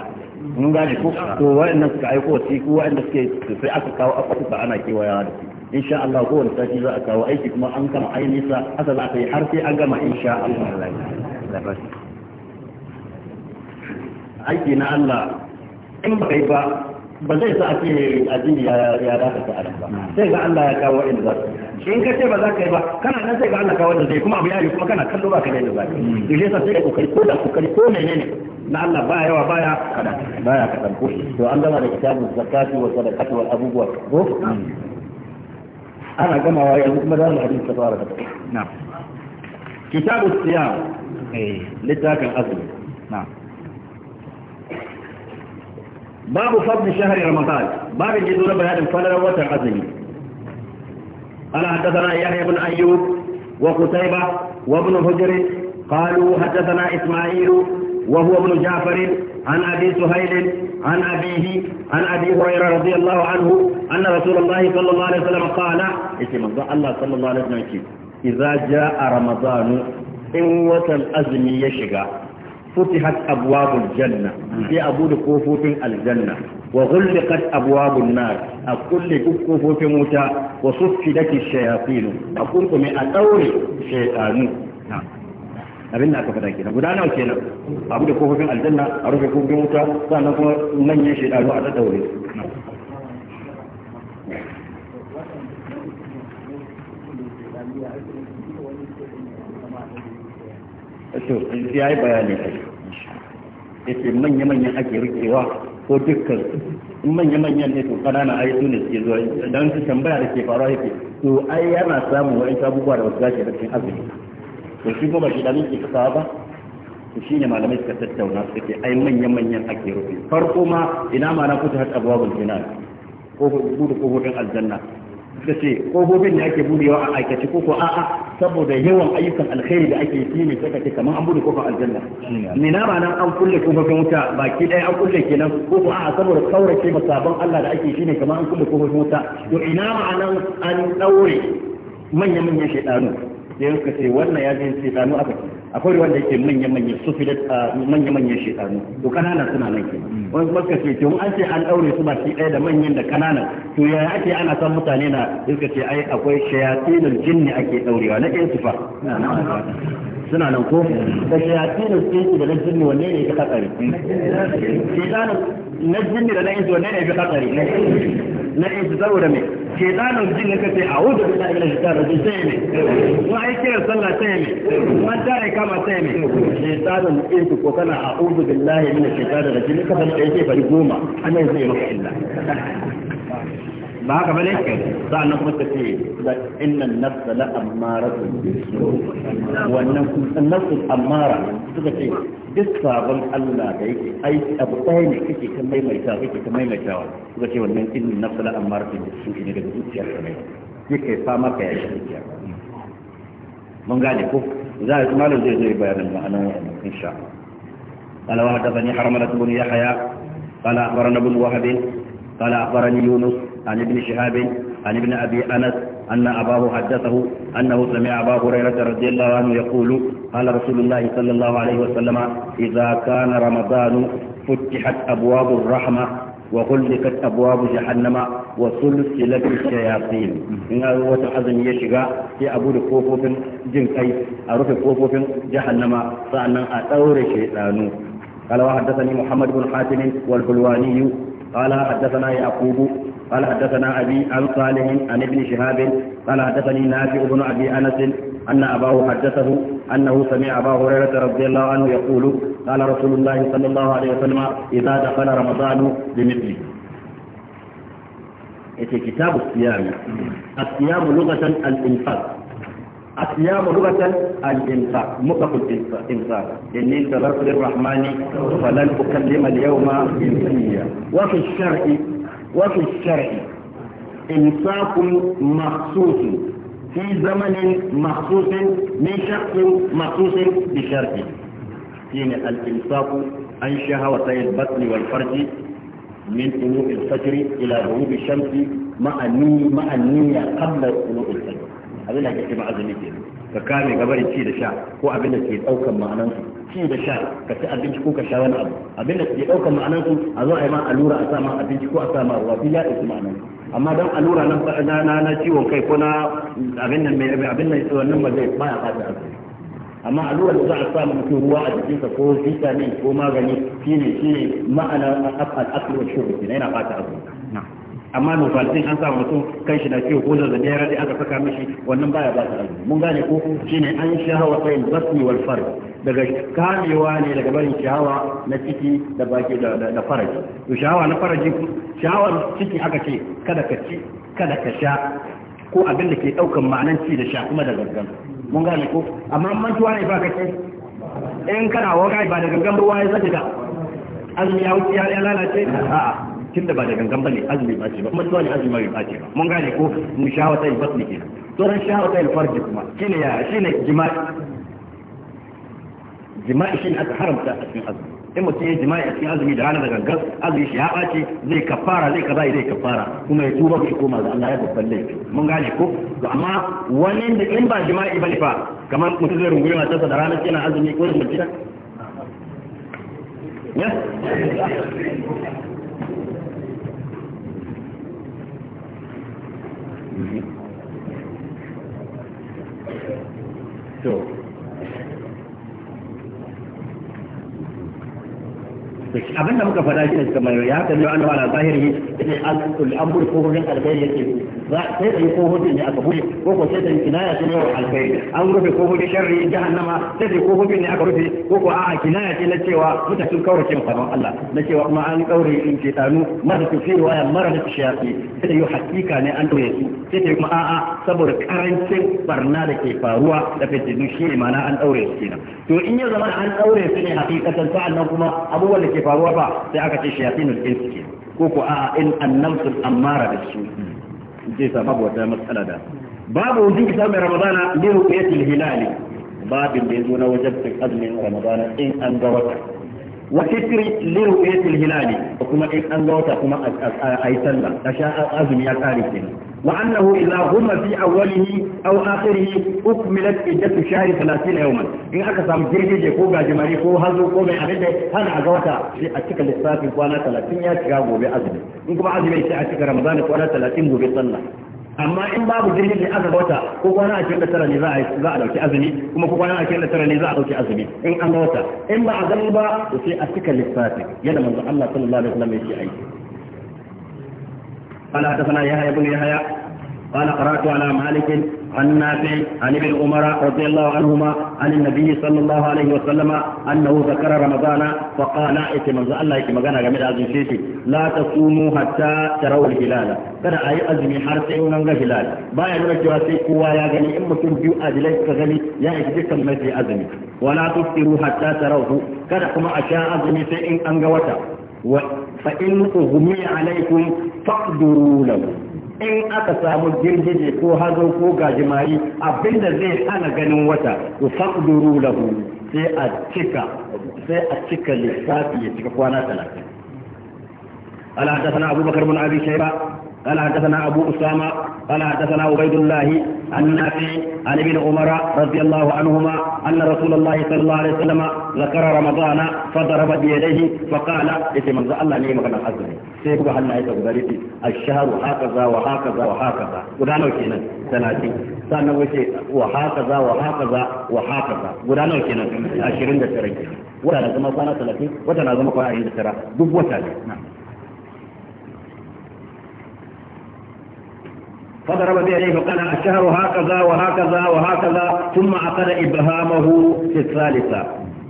mun gane ko to wayannan suka aiko wasiku wayanda suke sai aka kawo kuka ana kewaya da su insha Allah ko wani sati za a kawo aiki kuma an kama aini sa haka za a yi har sai an gama insha Allah aiki na Allah in ba kai ba ba zai sa ake mai addini ya dafa ta ba sai ga Allah ya kawo inda za su in ka ce ba za ka yi ba kana nan sai ga Allah kawo da zai kuma abu ya yi kuma kana kallo ba ka da ba ka yi sai ka kokari ko da kokari ko menene na Allah baya yawa baya kada baya kadan ko to an gama da kitabun zakati wa sadaqati wa abubuwa ko ana wa yanzu kuma da hadisi ta fara da na'am kitabu siyam eh littafin azumi na'am باب فضل شهر رمضان باب الجدول بهذا الفضل وتعزمي انا حدثنا يحيى بن أيوب وقتيبة وابن هجر قالوا حدثنا إسماعيل وهو ابن جعفر عن أبي سهيل عن أبيه عن أبي هريرة رضي الله عنه أن رسول الله صلى الله عليه وسلم قال اسم الله صلى الله عليه وسلم إذا جاء رمضان إن وتل أزمي يشقى فتحت أبواب الجنة في أبود كوفوف الجنة وغلقت أبواب النار أكل كوفوف موتى وصفدت الشياطين أكلت من أطور شيطان abin da aka faɗa kenan guda nawa kenan abu da kofofin aljanna a rufe kofofin wuta sannan kuma manyan shaidaru a tsaɗaure to ya yi bayani kai yace manya manyan ake rikewa ko dukkan manya-manyan ne to kanana ai su ne suke zuwa dan su tambaya da ke faruwa yake to ai yana samun wani abubuwa da wasu zaki da cikin azumi to shi kuma shi da nake kasawa ba to shine malamai suka tattauna su ke ai manya-manyan ake rufe farko ma ina ma na kuta hatta babu jinan ko ko kofofin aljanna da ce kofofin da ake budewa a aikace ko ko a'a saboda yawan ayyukan alkhairi da ake yi ne saka ce kamar an bude kofar aljanna ne na ma nan an kulle kofofin wuta baki ɗaya an kulle kenan ko ko a'a saboda kaurace sabon Allah da ake shi ne kamar an kulle kofofin wuta to ina ma nan an daure manya-manyan shaidanu sai ya ce wannan ya jin shekaru a ce akwai wanda yake manya-manyan su fi da manya-manyan shekaru to kanana suna nan ke mm. wani kuma ce tun an ce an daure su baki ɗaya da manyan da kanana to yaya ake ana san mutane na suka ce ai akwai shayatinul jinni ake daurewa na ɗaya su fa suna nan ko da shayatinu sai da na jinni wanne ne ya katsari shaytanu na jinni da na insu wanne ne ya katsari na su saboda me shaytanu jinni ka ce a'udhu billahi minash shaitanir rajim sai me ko ai kira sallah sai me man tare kama sai me shaytanu insu ko kana a'udhu billahi minash shaitanir rajim ka fa da yake bari goma annan sai maka illa ما قبلك صار نقص كثير بس إن النفس لا أمارة والنفس النفس أمارة تذكر جسها غل الله جاي أي أبطاني كذي كم أي مشاوي كم أي مشاوي تذكر والمن إن النفس لا أمارة بالسوء إن قد جوتي أحسن يك سامع كأيش يا من قال لك زاد ما له زي زي بيان أنا إن شاء الله على واحد ثاني حرمت بني يحيى قال أخبرنا بن وهب قال أخبرني يونس عن ابن شهاب عن ابن أبي أنس أن أباه حدثه أنه سمع أبا هريرة رضي الله عنه يقول قال رسول الله صلى الله عليه وسلم إذا كان رمضان فتحت أبواب الرحمة وغلقت أبواب جهنم وسلسلت الشياطين إن هو حزم يشغى في أبو الكوفوف جن أي أروف الكوفوف جهنم فأنا أدور شيطان قال وحدثني محمد بن حاتم والحلواني قال حدثنا يعقوب قال حدثنا أبي عن صالح عن ابن شهاب قال حدثني نافع بن أبي أنس أن أباه حدثه أنه سمع أبا هريرة رضي الله عنه يقول قال رسول الله صلى الله عليه وسلم إذا دخل رمضان بمثله في إيه، كتاب الصيام الصيام لغة الإنفاق الصيام لغة الإنفاق مطلق الإنفاق إني انتظرت للرحمن فلن أكلم اليوم إنسانيا وفي الشرع وفي الشرع إنفاق مخصوص في زمن مخصوص من شخص مخصوص بشرط يعني الإنفاق عن شهوتي البطن والفرج من طلوع الفجر إلى غروب الشمس مع النية مع النية قبل طلوع الفجر abin da ake ce azumi ke ka kame gabarin ci da sha ko abin da ke daukan ma'anan su ci da sha ka ci abinci ko ka sha wani abu abin da ke daukan ma'anan su a zo a yi ma allura a sa ma abinci ko a sa ma ruwa ya ɗauki ma'anan su amma don allura na na na ciwon kai ko na abin nan mai abin nan wannan ba zai baya fata azumi amma allurar da za a samu mutum ruwa a jikinsa ko vitamin ko magani shine shine ma'ana al-aklu wa shurb yana fata azumi na'am amma mufaltin an samu mutum kai shi na ke ko da ya rade aka saka mishi wannan baya ba ta mun gane ko shine an shahawa kai basmi wal farq daga kamewa ne daga barin shahawa na ciki da baki da faraji to shahawa na faraji shahawar ciki aka ce kada ka ci kada ka sha ko abin da ke daukan ma'anan ci da sha kuma da gangan mun gane ko amma mantuwa ne ba ka ce in kana wani ba da gangan ruwa ya zaka da azumi ya wuce ya lalace a'a tun da ba da gangan bane azumi ba ce ba kuma tuwa ne azumi bai ba ce ba mun gane ko mu wata ya fasli tsoron sha wata yin farji kuma shine ya shine jima'i jima'i shine aka haramta a cikin azumi in mutum ya jima'i a cikin azumi da rana da gangan azumi shi ya ɓace zai kafara zai kaza zai kafara kuma ya tuba shi koma ga Allah ya babban laifi mun gane ko to amma wani da in ba jima'i bane fa kamar mutum zai rungume matarsa da rana yana azumi ko da mutum ya to abin da muka faɗa shi ne kamar ya kalli an wala zahiri ne an bude kofofin alkhairi yake sai sai kofofin ne aka bude ko ko sai sai kinaya ce ne wa alkhairi an rufe kofofin sharri jahannama sai sai kofofin ne aka rufe ko ko a'a kinaya ce na cewa muta sun kawar mu kaman Allah na cewa kuma an kaure in ce tanu mara tafiya waya mara da shafi sai yau hakika ne an dore su sai sai kuma a'a saboda karancin barna da ke faruwa da fitinu shi ne ma'ana an daure su kenan to in ya zama an daure su ne hakikatan sa'an nan kuma abubuwan da ke ke faruwa ba sai aka ce shayatinul insu ke ko ko a in annamsul amara da su zai sa babu wata matsala da babu wujin samun ramadana li ru'yatil hilali babin da yazo na wajibin azumin ramadana in an ga wata wa fitri li ru'yatil hilali kuma in an ga wata kuma a yi sallah kasha azumi ya kare kenan وأنه إذا هم في أوله أو آخره أكملت إجة شهر 30 يوما إن أكسا مجردد يقوبا جماري قو هزو قو من عبده هن عزوتا في أتك الإسلام قوانا ثلاثين يتقاب بأزمه إن كما عزم إيسا أتك رمضان قوانا ثلاثين بطلة أما إن باب جريد لأزم وتا قوانا أتك لترى نزاع زعلا في أزمه كما قوانا أتك لترى نزاع في أزمه إن أزوتا إن باب أزم با في أتك الإسلام يلا من الله صلى الله عليه وسلم يتقاب قال حدثنا يحيى بن يحيى قال قرات على مالك عن نافع عن ابن عمر رضي الله عنهما عن النبي صلى الله عليه وسلم انه ذكر رمضان فقال اتم الله اتم غنى غمد لا تصوموا حتى تروا الهلال كان اي ازمي حرس يوم نعم غنى هلال با نعم يقول قوى يا غني اما كن بيو اجلس كغني يا اجلس كم ازمي ولا تفطروا حتى تروا كان كما اشاء ازمي سيئن انغوتا fa'in ugumi alaikum faɗuru lahu in aka samu girgije ko hazo ko gajimari abinda zai hana ganin wata ko faɗuru lahu sai a cika sai a cika lissafi ya cika kwana talatin. ala حدثنا أبو بكر بن أبي شيبة قال حدثنا أبو أسامة قال حدثنا عبيد الله عن نافع عن ابن عمر رضي الله عنهما أن رسول الله صلى الله عليه وسلم ذكر رمضان فضرب بيديه فقال إتي من الله نعم كان حزن سيكون هل نعيك بذلك الشهر هكذا وهكذا وهكذا قدانو كينا ثلاثين سنة وشي وهكذا وهكذا وهكذا قدانو كينا عشرين دسرين وتنا زمان ثلاثين وتنا زمان عشرين دسرين دب نعم فضرب بيديه وقال الشهر هكذا وهكذا وهكذا ثم عقد إبهامه في الثالثة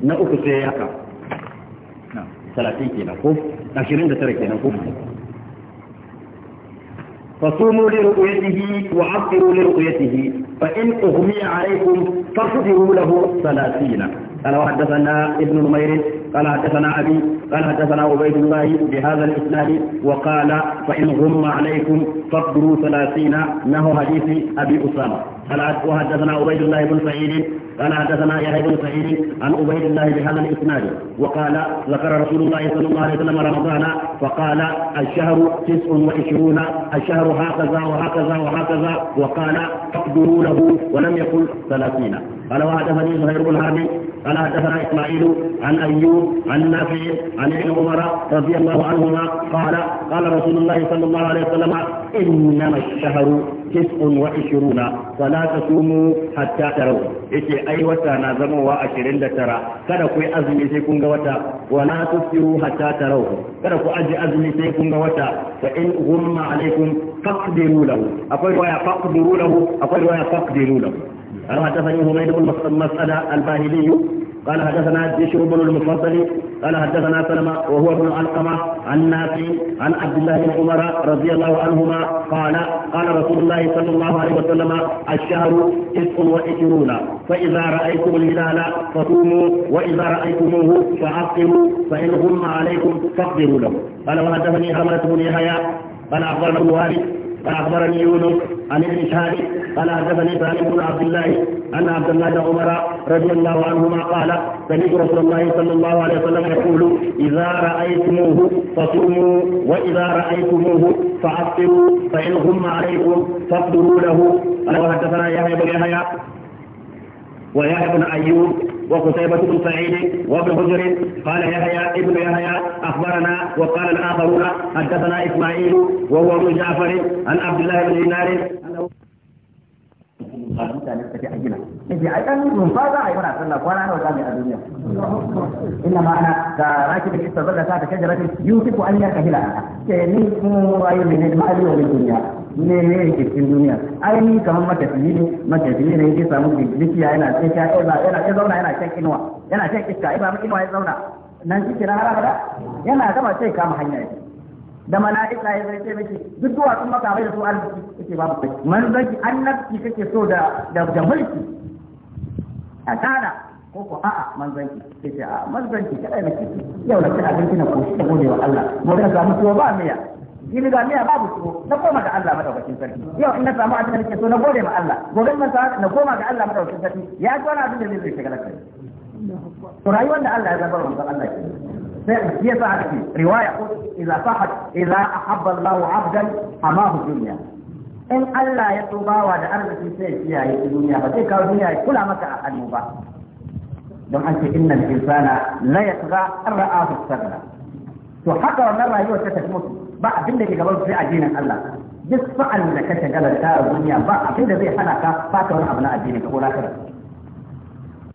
نأكل سيئك نعم، ثلاثين كنا كف عشرين دترك كنا كف فصوموا لرؤيته وعطروا لرؤيته فإن أغمي عليكم فاصبروا له ثلاثين قال وحدثنا ابن نمير قال حدثنا أبي قال حدثنا عبيد الله بهذا الإسناد وقال فإن غم عليكم فاقدروا ثلاثين نهو حديث أبي أسامة قال وحدثنا عبيد الله بن سعيد قال حدثنا يحيى بن سعيد عن عبيد الله بهذا الاسناد وقال ذكر رسول الله صلى الله عليه وسلم رمضان فقال الشهر تسع وعشرون الشهر هكذا وهكذا وهكذا وقال فاقدروا له ولم يقل ثلاثين قال وحدثني زهير بن قال حدثنا اسماعيل عن ايوب عن نافع عن ابن عمر رضي الله عنهما قال قال رسول الله صلى الله عليه وسلم انما الشهر تسع وعشرون فلا تصوموا حتى تروا يجي اي وتا na zamowa ashirin da tara kada ku yi azumi sai kun ga wata wala tusiru hatta tarau kada ku aji azumi sai kun ga wata fa in ghumma alaikum faqdiru lahu akwai waya faqdiru lahu akwai waya faqdiru lahu قال حدثني حميد بن مسألة الباهلي قال حدثنا بشر بن المفضل قال حدثنا سلمة وهو ابن علقمة عن نافع عن عبد الله بن عمر رضي الله عنهما قال قال رسول الله صلى الله عليه وسلم الشهر تسع وعشرون فإذا رأيتم الهلال فصوموا وإذا رأيتموه فأفطروا فإن غم عليكم فاقدروا له قال وحدثني حملة بن يحيى قال أخبرنا أبو فأخبرني يونس عن ابن شهاب قال حدثني سالم بن عبد الله ان عبد الله بن عمر رضي الله عنهما قال سمعت رسول الله صلى الله عليه وسلم يقول اذا رايتموه فصوموا واذا رايتموه فافطروا فان غم عليكم فافطروا له قال وحدثنا يحيى بن يحيى ويحيى بن ايوب وقتيبة بن سعيد وابن حجر قال يحيى ابن يحيى أخبرنا وقال الآخرون حدثنا إسماعيل وهو ابن جعفر عن عبد الله بن دينار a mutane suka ce a gina yace ai dan rumfa za a yi mana sallah kwana nawa za mu yi a duniya inna ma ana ka raki da kisa zaka ta shajaratin yusifu an yakahila ke ni mu ayu ne ma aliyo ne duniya ne ne yake cikin duniya ai ni kamar matafiyi ne matafiyi ne yake samu dukiya yana sai ta yana ya zauna yana shan inuwa yana shan iska ai ba mu inuwa ya zauna nan shi kira har abada yana gama sai kama hanya yake da mala'ika ya zai ce mace duk duwa sun maka bai da su arziki ce babu kai man manzanki annabci kake so da da mulki a kana ko ko a'a manzanki sai ce a zaki kada na kike yau na ci abinci na koshi da gode wa Allah mu da samu tuwo ba miya kini ga miya babu tuwo na koma ga Allah madaukakin sarki yau in na samu abin da nake so na gode ma Allah gobe na samu na koma ga Allah madaukakin sarki ya ji wani abin da zai shiga kai to rayuwar da Allah ya zabar wa Allah ke هي فعلت فيه رواية قلت إذا صحت إذا أحب الله عبدا حماه الدنيا إن ألا يطلبا وعد أرض في فيها في الدنيا فتلك الدنيا كل مكة أحلوبا لم أنت إن الإنسان لا يطغى أن رآه السنة تحقى أن الله يوسف تتموت بعد ذلك قبل في أدين الله بس فعل لك تجلل تار الدنيا بعد ذلك حنك فاتر أبناء الدين في الآخرة